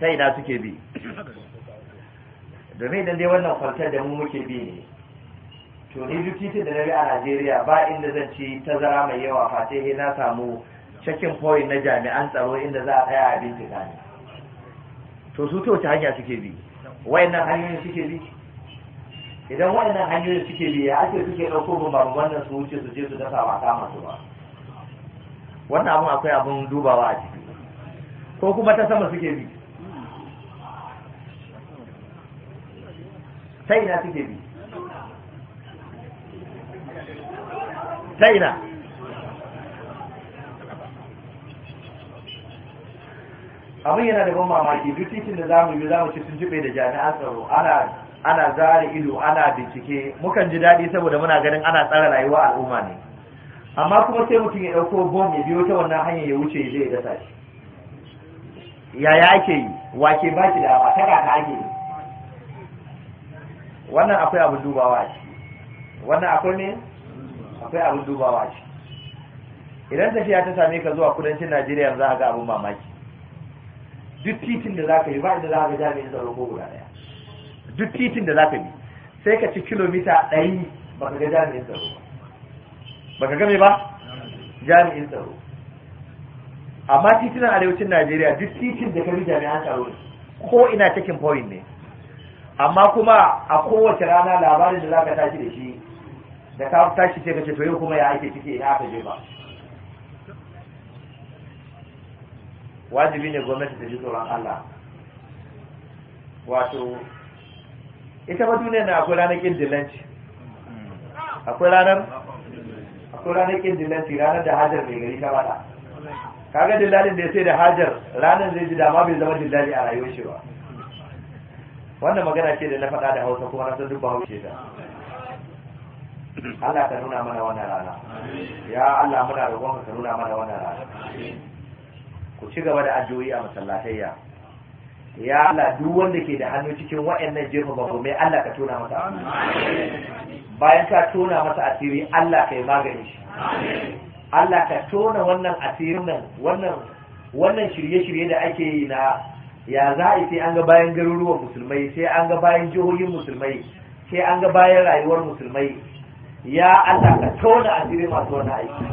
ta ina suke bi domin idan dai wannan kwaltar da mu muke bi ne to ni duk titin da na bi a najeriya ba inda zan ci tazara mai yawa fate na samu cikin point na jami'an tsaro inda za a tsaya a bincika ne to su ta wace hanya suke bi nan hanyoyin suke bi idan waɗannan hanyoyin suke biya ake suke ɗauko ba, ba wannan su wuce su je su dasa ba kama su ba wannan abun akwai abun dubawa a ciki ko kuma ta sama suke bi ta ina suke bi ta ina abin yana da ban mamaki duk titin da zamu yi zamu ci sun jibe da jami'an tsaro ana ana zare ido ana bincike mukan ji daɗi saboda muna ganin ana tsara rayuwa al'umma ne amma kuma sai mutum ya ɗauko bom ya biyo ta wannan hanyar ya wuce zai ya dasa shi yaya ake yi Wa ke ba ki da ta kaka ake yi wannan akwai abin dubawa shi wannan akwai ne akwai abin dubawa shi idan tafiya ta same ka zuwa kudancin najeriya za ka ga abin mamaki duk titin da za ka yi ba inda za ka ga jami'in tsaro ko guda ɗaya duk titin da za ka bi sai ka ci kilomita ɗari ka ga jami'in tsaro Ba ka game ba jami'in tsaro amma titunan arewacin najeriya duk titin da ka bi jami'an tsaro ko ina cikin point ne amma kuma a kowace rana labarin da za ka tashi da shi da ka tashi sai ka ce to yau kuma ya ake ciki ina aka je ba wajibi ne gwamnati ta ji tsoron Allah wato ita ba duniya na akwai ranar ƙin dillanci akwai ranar akwai ranar ƙin dillanci ranar da hajar mai gari ta bada kaga dillalin da ya sai da hajar ranar zai ji dama bai zama dillali a rayuwar shi ba wannan magana ce da na faɗa da hausa kuma na san duk ba ta Allah ka nuna mana wannan rana ya Allah muna roƙonka ka nuna mana wannan rana ku ci gaba da addu'o'i a masallatayya ya Allah duk wanda ke da hannu cikin waɗannan jefa babu mai Allah ka tona masa bayan ka tona masa asiri Allah ka yi magani shi Allah ka tona wannan asirin nan wannan wannan shirye-shirye da ake yi na ya za a yi sai an ga bayan garuruwan musulmai sai an ga bayan jihohin musulmai sai an ga bayan rayuwar musulmai ya Allah ka tona asiri masu wani aiki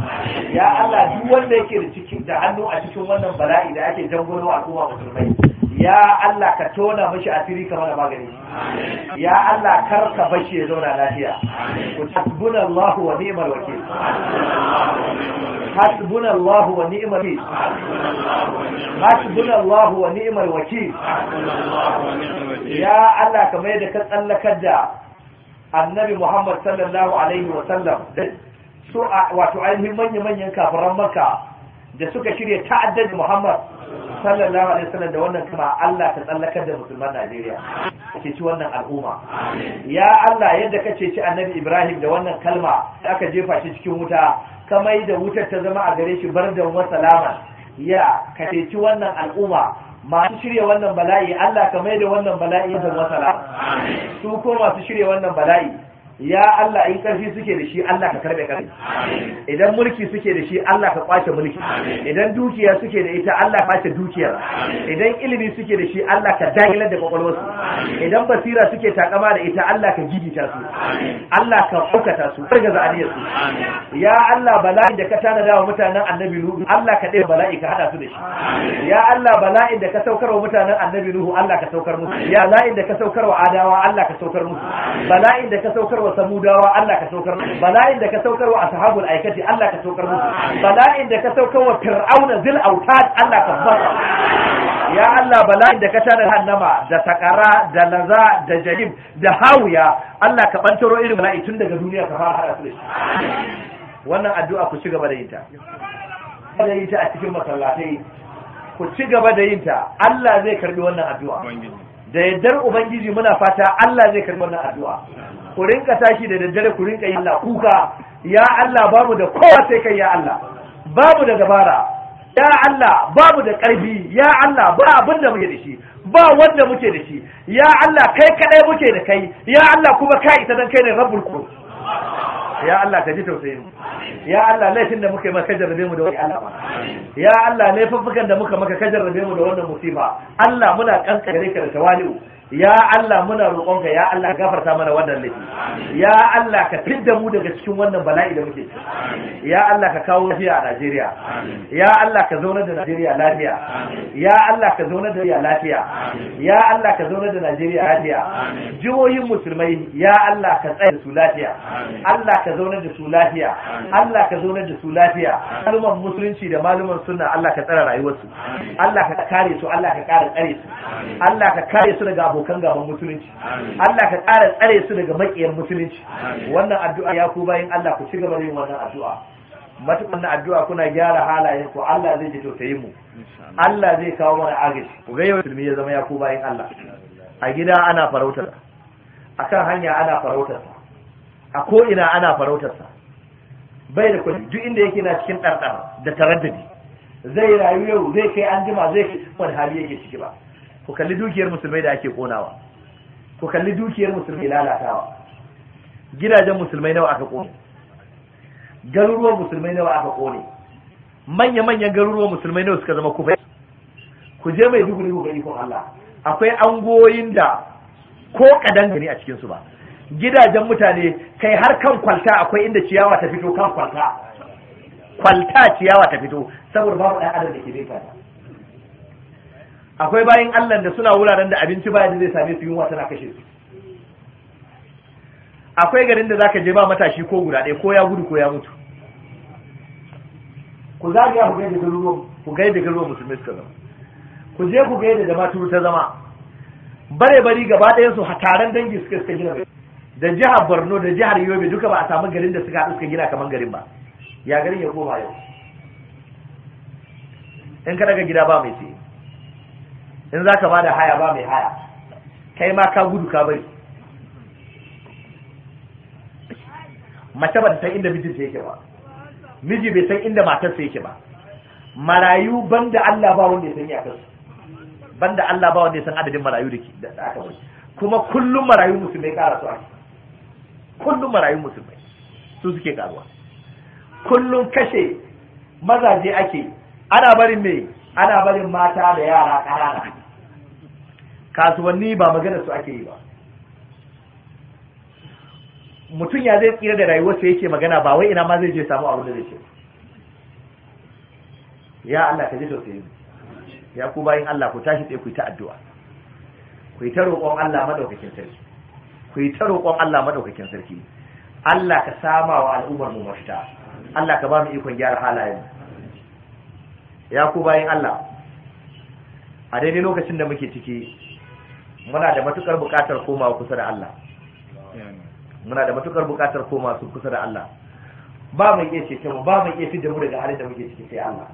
ya Allah duk wanda yake da cikin da hannu a cikin wannan bala'i da ake jangonowa a kuma musulmai ya Allah ka tona mashi asiri kamar magani ya Allah kar ka bashi ya zauna lafiya ku hasbuna Allah wa ni'mal wakil hasbuna Allah wa ni'mal wakil hasbuna Allah wa ni'mal wakil ya Allah ka mai da ka tsallakar da annabi Muhammad sallallahu alaihi wa sallam su wato ainihin manya-manyan kafiran makka da suka shirya ta'addar Muhammad sallallahu alaihi wasallam da wannan kuma Allah ta tsallakar da musulman Najeriya ke ci wannan al'umma ya Allah yadda ka ceci Annabi Ibrahim da wannan kalma aka jefa shi cikin wuta kamai da wutar ta zama a gare shi bar da salama ya kace ci wannan al'umma masu shirya wannan bala'i Allah ka mai da wannan bala'i da salama su ko masu shirya wannan bala'i ya Allah in karfi suke da shi Allah ka karbe karfi idan mulki suke da shi Allah ka kwace mulki idan dukiya suke da ita Allah ka kwace dukiyar idan ilimi suke da shi Allah ka dahilar da kwakwalwarsu idan basira suke takama da ita Allah ka gidita su Allah ka ɗaukata su daga za'aniyar su ya Allah bala'in da ka tanada wa mutanen annabi Nuhu Allah ka ɗaya bala'i ka hada su da shi ya Allah bala'in da ka saukar wa mutanen annabi Nuhu Allah ka saukar musu ya bala'in da ka saukar wa adawa Allah ka saukar musu bala'in da ka saukar wa samudawa Allah ka saukar musu bala'in da ka saukar wa ashabul aikati Allah ka saukar musu bala'in da ka saukar wa fir'auna zil autad Allah ka saukar. ya Allah bala'in da ka tada hannama da sakara da laza da jalim da hawiya Allah ka bantaro irin bala'i tun daga duniya ka fara hada su wannan addu'a ku ci gaba da yin ta da yin ta a cikin masallatai ku ci gaba da yin ta Allah zai karbi wannan addu'a da yaddar ubangiji muna fata Allah zai karbi wannan addu'a ku rinka tashi da daddare ku rinka yin kuka ya Allah babu da kowa sai kai ya Allah babu da dabara ya Allah babu da ƙarfi ya Allah ba abin da muke da shi ba wanda muke da shi ya Allah kai kadai muke da kai ya Allah kuma kai isa dan kai ne rabbul qul ya Allah ka ji tausayin ya Allah laifin da muke maka jarrabe mu da wani alama ya Allah fukan da muka maka kajarrabe mu da wannan musiba Allah muna kankare ka da tawali'u ya Allah muna roƙonka ya Allah gafarta mana wannan laifi ya Allah ka fidda mu daga cikin wannan bala'i da muke ciki ya Allah ka kawo lafiya a Najeriya ya Allah ka zauna da Najeriya lafiya ya Allah ka zauna da Najeriya lafiya ya Allah ka zauna da Najeriya lafiya jihohin musulmai ya Allah ka tsaya da su lafiya Allah ka zauna da su lafiya Allah ka zauna da su lafiya Malaman musulunci da malaman sunna Allah ka tsara rayuwarsu Allah ka kare su Allah ka kare tsare su Allah ka kare su daga abokan gaban musulunci Allah ka ƙara tsare su daga maƙiyan musulunci wannan addu'a ya ku bayin Allah ku ci gaba da yin wannan addu'a matuƙa wannan addu'a kuna gyara halayen ku Allah zai ji tausayin mu Allah zai kawo mana agaji ku ga yau musulmi ya zama ya ku bayin Allah a gida ana farautar kan hanya ana farautar a ko ina ana farautar bai da kudi duk inda yake na cikin ɗarɗar da taraddadi zai rayu yau zai kai anjima, jima zai kai wani hali yake ciki ba ku kalli dukiyar musulmai da ake konawa ku kalli dukiyar musulmai lalatawa gidajen musulmai nawa aka kone garuruwan musulmai nawa aka kone manya-manyan garuruwan musulmai nawa suka zama kufai ku je mai duguri ku gani kun Allah akwai angoyin da ko kadan gani a cikin su ba gidajen mutane kai har kan kwalta akwai inda ciyawa ta fito kan kwalta kwalta ciyawa ta fito saboda babu ɗan adam da ke bai akwai bayan Allah da suna wuraren da abinci baya da zai same su yunwa tana kashe su akwai garin da zaka je ba matashi ko guda ɗaya ko ya gudu ko ya mutu ku zagaya ku gaida garuruwan ku gaida garuruwan musulmi suka zama ku je ku gaida da maturu ta zama bare bari gaba ɗayan su taron dangi suka suka gina da jihar Borno da jihar Yobe duka ba a samu garin da suka haɗu suka gina kamar garin ba ya garin ya koma yau in ka daga gida ba mai sai in za ka ba da haya ba mai haya kai ma ka gudu ka bari mace ba ta san inda mijinta yake ba miji bai san inda matarsa yake ba marayu banda Allah ba wanda ya san ban banda Allah ba wanda ya san adadin marayu da aka bari kuma kullum marayu musulmai kara su ake kullum marayu musulmai su suke karuwa kullum kashe mazaje ake ana barin mai ana barin mata da yara ƙanana kasuwanni ba magana su ake yi ba mutum ya zai tsira da rayuwarsa yake magana ba wai ina ma zai je samu abin da zai ya Allah ka ji tausayin ya ku bayin Allah ku tashi tsaye ku yi ta addu'a ku yi ta roƙon Allah madaukakin sarki ku yi ta roƙon Allah madaukakin sarki Allah ka sama wa al'ummar mu mafita Allah ka ba mu ikon gyara halayen mu ya ku bayan Allah a daidai lokacin da muke ciki muna da matukar bukatar komawa kusa da Allah muna da matukar bukatar komawa su kusa da Allah ba mu iya cece mu ba mu iya fidda mu daga halin da muke ciki sai Allah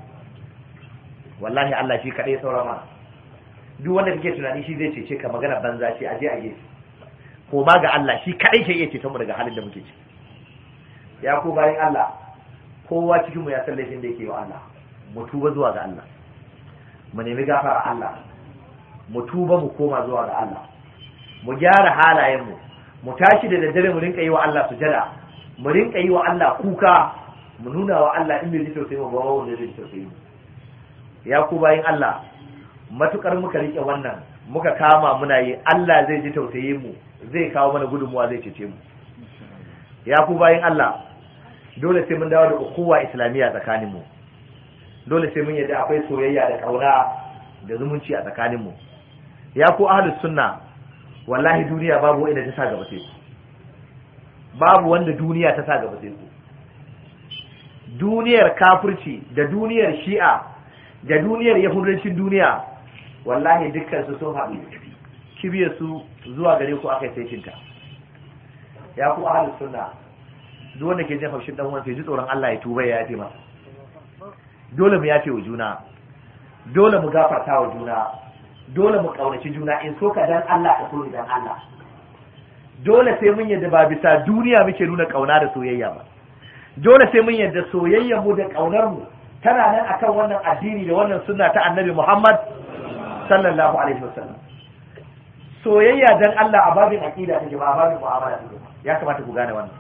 wallahi Allah shi kadai saurama duk wanda kake tunani shi zai cece ka magana banza ce aje a gefe ko ba ga Allah shi kadai ke iya cece mu daga halin da muke ciki ya ku bayan Allah kowa cikin mu ya san laifin da yake wa Allah mu tuba zuwa ga Allah mu nemi gafara Allah mu tuba mu koma zuwa ga Allah mu gyara halayenmu mu tashi da daddare mu rinka yi wa Allah sujada mu rinka yi wa Allah kuka mu nuna wa Allah in bai ji tausayi mu ba wanda zai ji tausayi mu ya ku bayin Allah matukar muka rike wannan muka kama muna yi Allah zai ji tausayi mu zai kawo mana gudunmuwa zai cece mu ya ku bayin Allah dole sai mun dawo da ukuwa islamiyya tsakanin mu dole sai mun yadda akwai soyayya da kauna da zumunci a tsakaninmu ya ku ahlus sunna wallahi duniya babu wanda ta sa gaba sai ku babu wanda duniya ta sa gaba sai ku duniyar kafirci da duniyar shi'a da duniyar yahudancin duniya wallahi dukkan su sun haɗu kibiyar su zuwa gare ku aka sai cinta ya ku ahlus sunna duk wanda ke jin haushin dan uwan ya ji tsoron Allah ya tuba ya yafe masa dole mu yafe wa juna dole mu gafarta wa juna dole mu kaunaci juna in so ka dan Allah ka so dan Allah dole sai mun yadda ba bisa duniya muke nuna kauna da soyayya ba dole sai mun yadda soyayya mu da kaunar mu tana nan akan wannan addini da wannan sunna ta Annabi Muhammad sallallahu alaihi wasallam soyayya dan Allah a babin aqida take ba a babin mu'amala take ya kamata ku gane wannan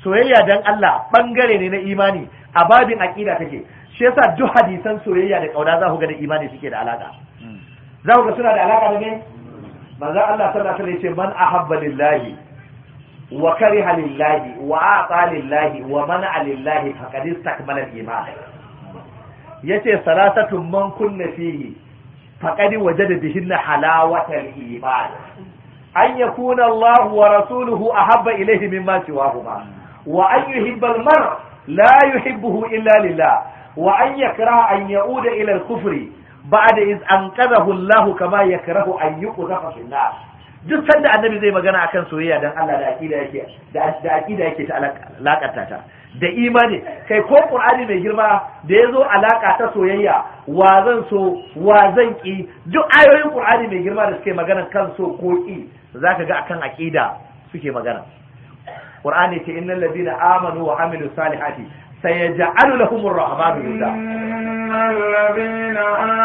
soyayya dan Allah bangare ne na imani a babin aqida take shi yasa duk hadisan soyayya da kauna za ku ga da imani suke da alaka za ku ga suna da alaka da ne manzo Allah sallallahu alaihi wasallam yace man ahabba lillahi wa kariha lillahi wa ata lillahi wa mana lillahi faqad istakmala al-iman yace salatatun man kunna fihi faqad wajada bihinna halawata al-iman an yakuna Allah wa rasuluhu ahabba ilayhi mimma siwahuma wa an yuhibba al-mar'a la yuhibbuhu illa lillah wa an kira an ya'uda ila al-kufri ba'da iz anqadahu Allah kama yakrahu an yuqdafa fi nar duk sanda annabi zai magana akan soyayya dan Allah da akida yake da akida yake ta alakata ta da imani kai ko qur'ani mai girma da yazo alaka ta soyayya wa zan so wa zan ki duk ayoyin qur'ani mai girma da suke magana kan so ko ki zaka ga akan akida suke magana qur'ani ce innal ladina amanu wa amilu salihati سيجعل لهم الرحمن ودا إن الذين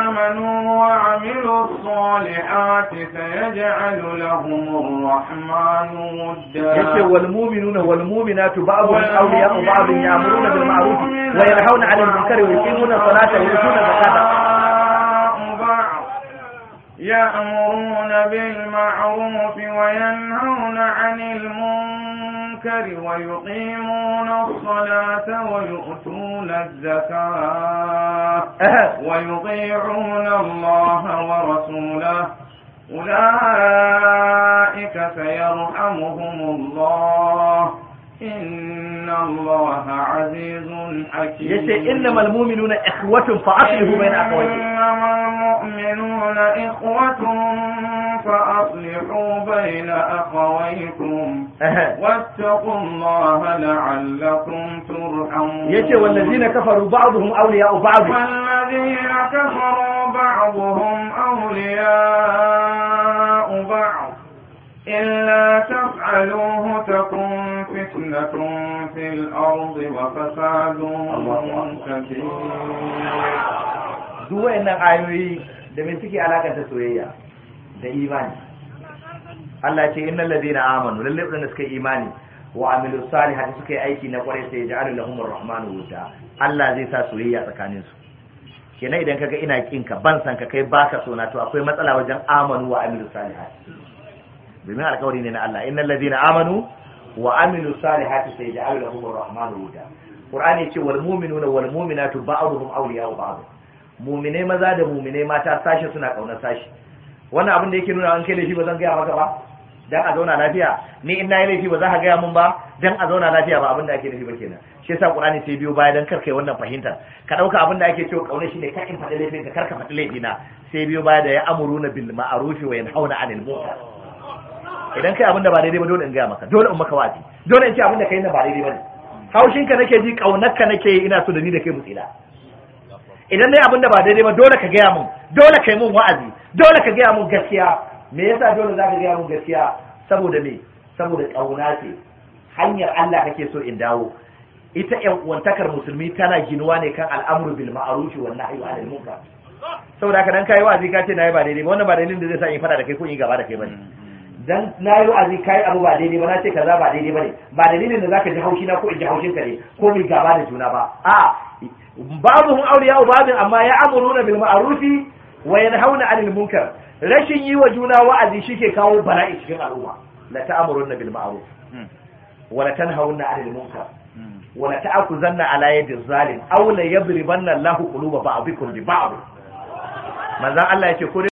آمنوا وعملوا الصالحات سيجعل لهم الرحمن ودا يكي والمؤمنون والمؤمنات بعضهم أولياء بعض يأمرون بالمعروف وينهون عن المنكر ويقيمون الصلاة ويؤتون الزكاة يأمرون بالمعروف وينهون عن المنكر المنكر ويقيمون الصلاة ويؤتون الزكاة ويطيعون الله ورسوله أولئك سيرحمهم الله إن الله عزيز حكيم يسي إنما المؤمنون إخوة فأصلحوا بين أخويكم إنما المؤمنون إخوة فأصلحوا بين أخويكم واتقوا الله لعلكم ترحمون يسي والذين كفروا بعضهم أولياء بعض والذين كفروا بعضهم أولياء بعض إلا تفعلوه تكن فتنة في الأرض وفساد كبير duk wayannan ayoyi da me suke alakanta soyayya da imani Allah ce innal ladina amanu lalle wadanda suka yi imani wa amilu salihati suka yi aiki na kwarai sai ja'al lahum arrahmanu wuta Allah zai sa soyayya tsakanin su kenan idan kaga ina kinka ban san ka kai baka sona to akwai matsala wajen amanu wa amilu salihati domin alkawari ne na Allah innal ladina amanu wa amilu salihati sayaj'alu lahum arrahmanu wuda qur'ani ce wal mu'minuna wal mu'minatu ba'dhum awliya'u ba'd mu'mine maza da mu'mine mata sashi suna kauna sashi wannan abin da yake nuna an kai laifi ba zan gaya maka ba dan a zauna lafiya ni in nayi laifi ba za ka gaya mun ba dan a zauna lafiya ba abin da ake nufi ba kenan shi yasa qur'ani sai biyo baya dan karkai wannan fahimtar. ka dauka abin da ake cewa kauna shine ka in faɗi laifin ka karka faɗi na sai biyo baya da ya amuruna bil ma'ruf wa yanhauna 'anil munkar idan kai abinda ba daidai ba dole in gaya maka dole in maka wa'azi dole in ce abinda kai na ba daidai ba ne haushin ka nake ji kaunar ka nake ina so da ni da kai mu tsira idan dai abinda ba daidai ba dole ka gaya mun dole kai mun wa'azi dole ka gaya mun gaskiya me yasa dole za ka gaya mun gaskiya saboda me saboda kauna ce hanyar Allah kake so in dawo ita ƴan uwantakar musulmi tana ginuwa ne kan al'amru bil ma'ruf wa nahyi anil munkar saboda haka dan kai wa'azi ka ce nayi ba daidai ba wannan ba daidai da zai sa in fada da kai ko in gaba da kai bane dan na yi wa'azi kai abu ba daidai ba na ce kaza ba daidai bane ba dalilin da zaka ji haushi na ko in ji haushin ka ne ko mai gaba da juna ba a babu mun aure ya amma ya amuruna bil ma'rufi wa yanhauna 'anil munkar rashin yi wa juna wa'azi shike kawo bala'i cikin al'umma la ta'muruna bil ma'ruf hmm. wa la tanhauna 'anil munkar hmm. wa la ta'khuzanna 'ala yadi zalim aw la yadribanna Allahu quluba ba'dikum bi ba'd manzon Allah yace ko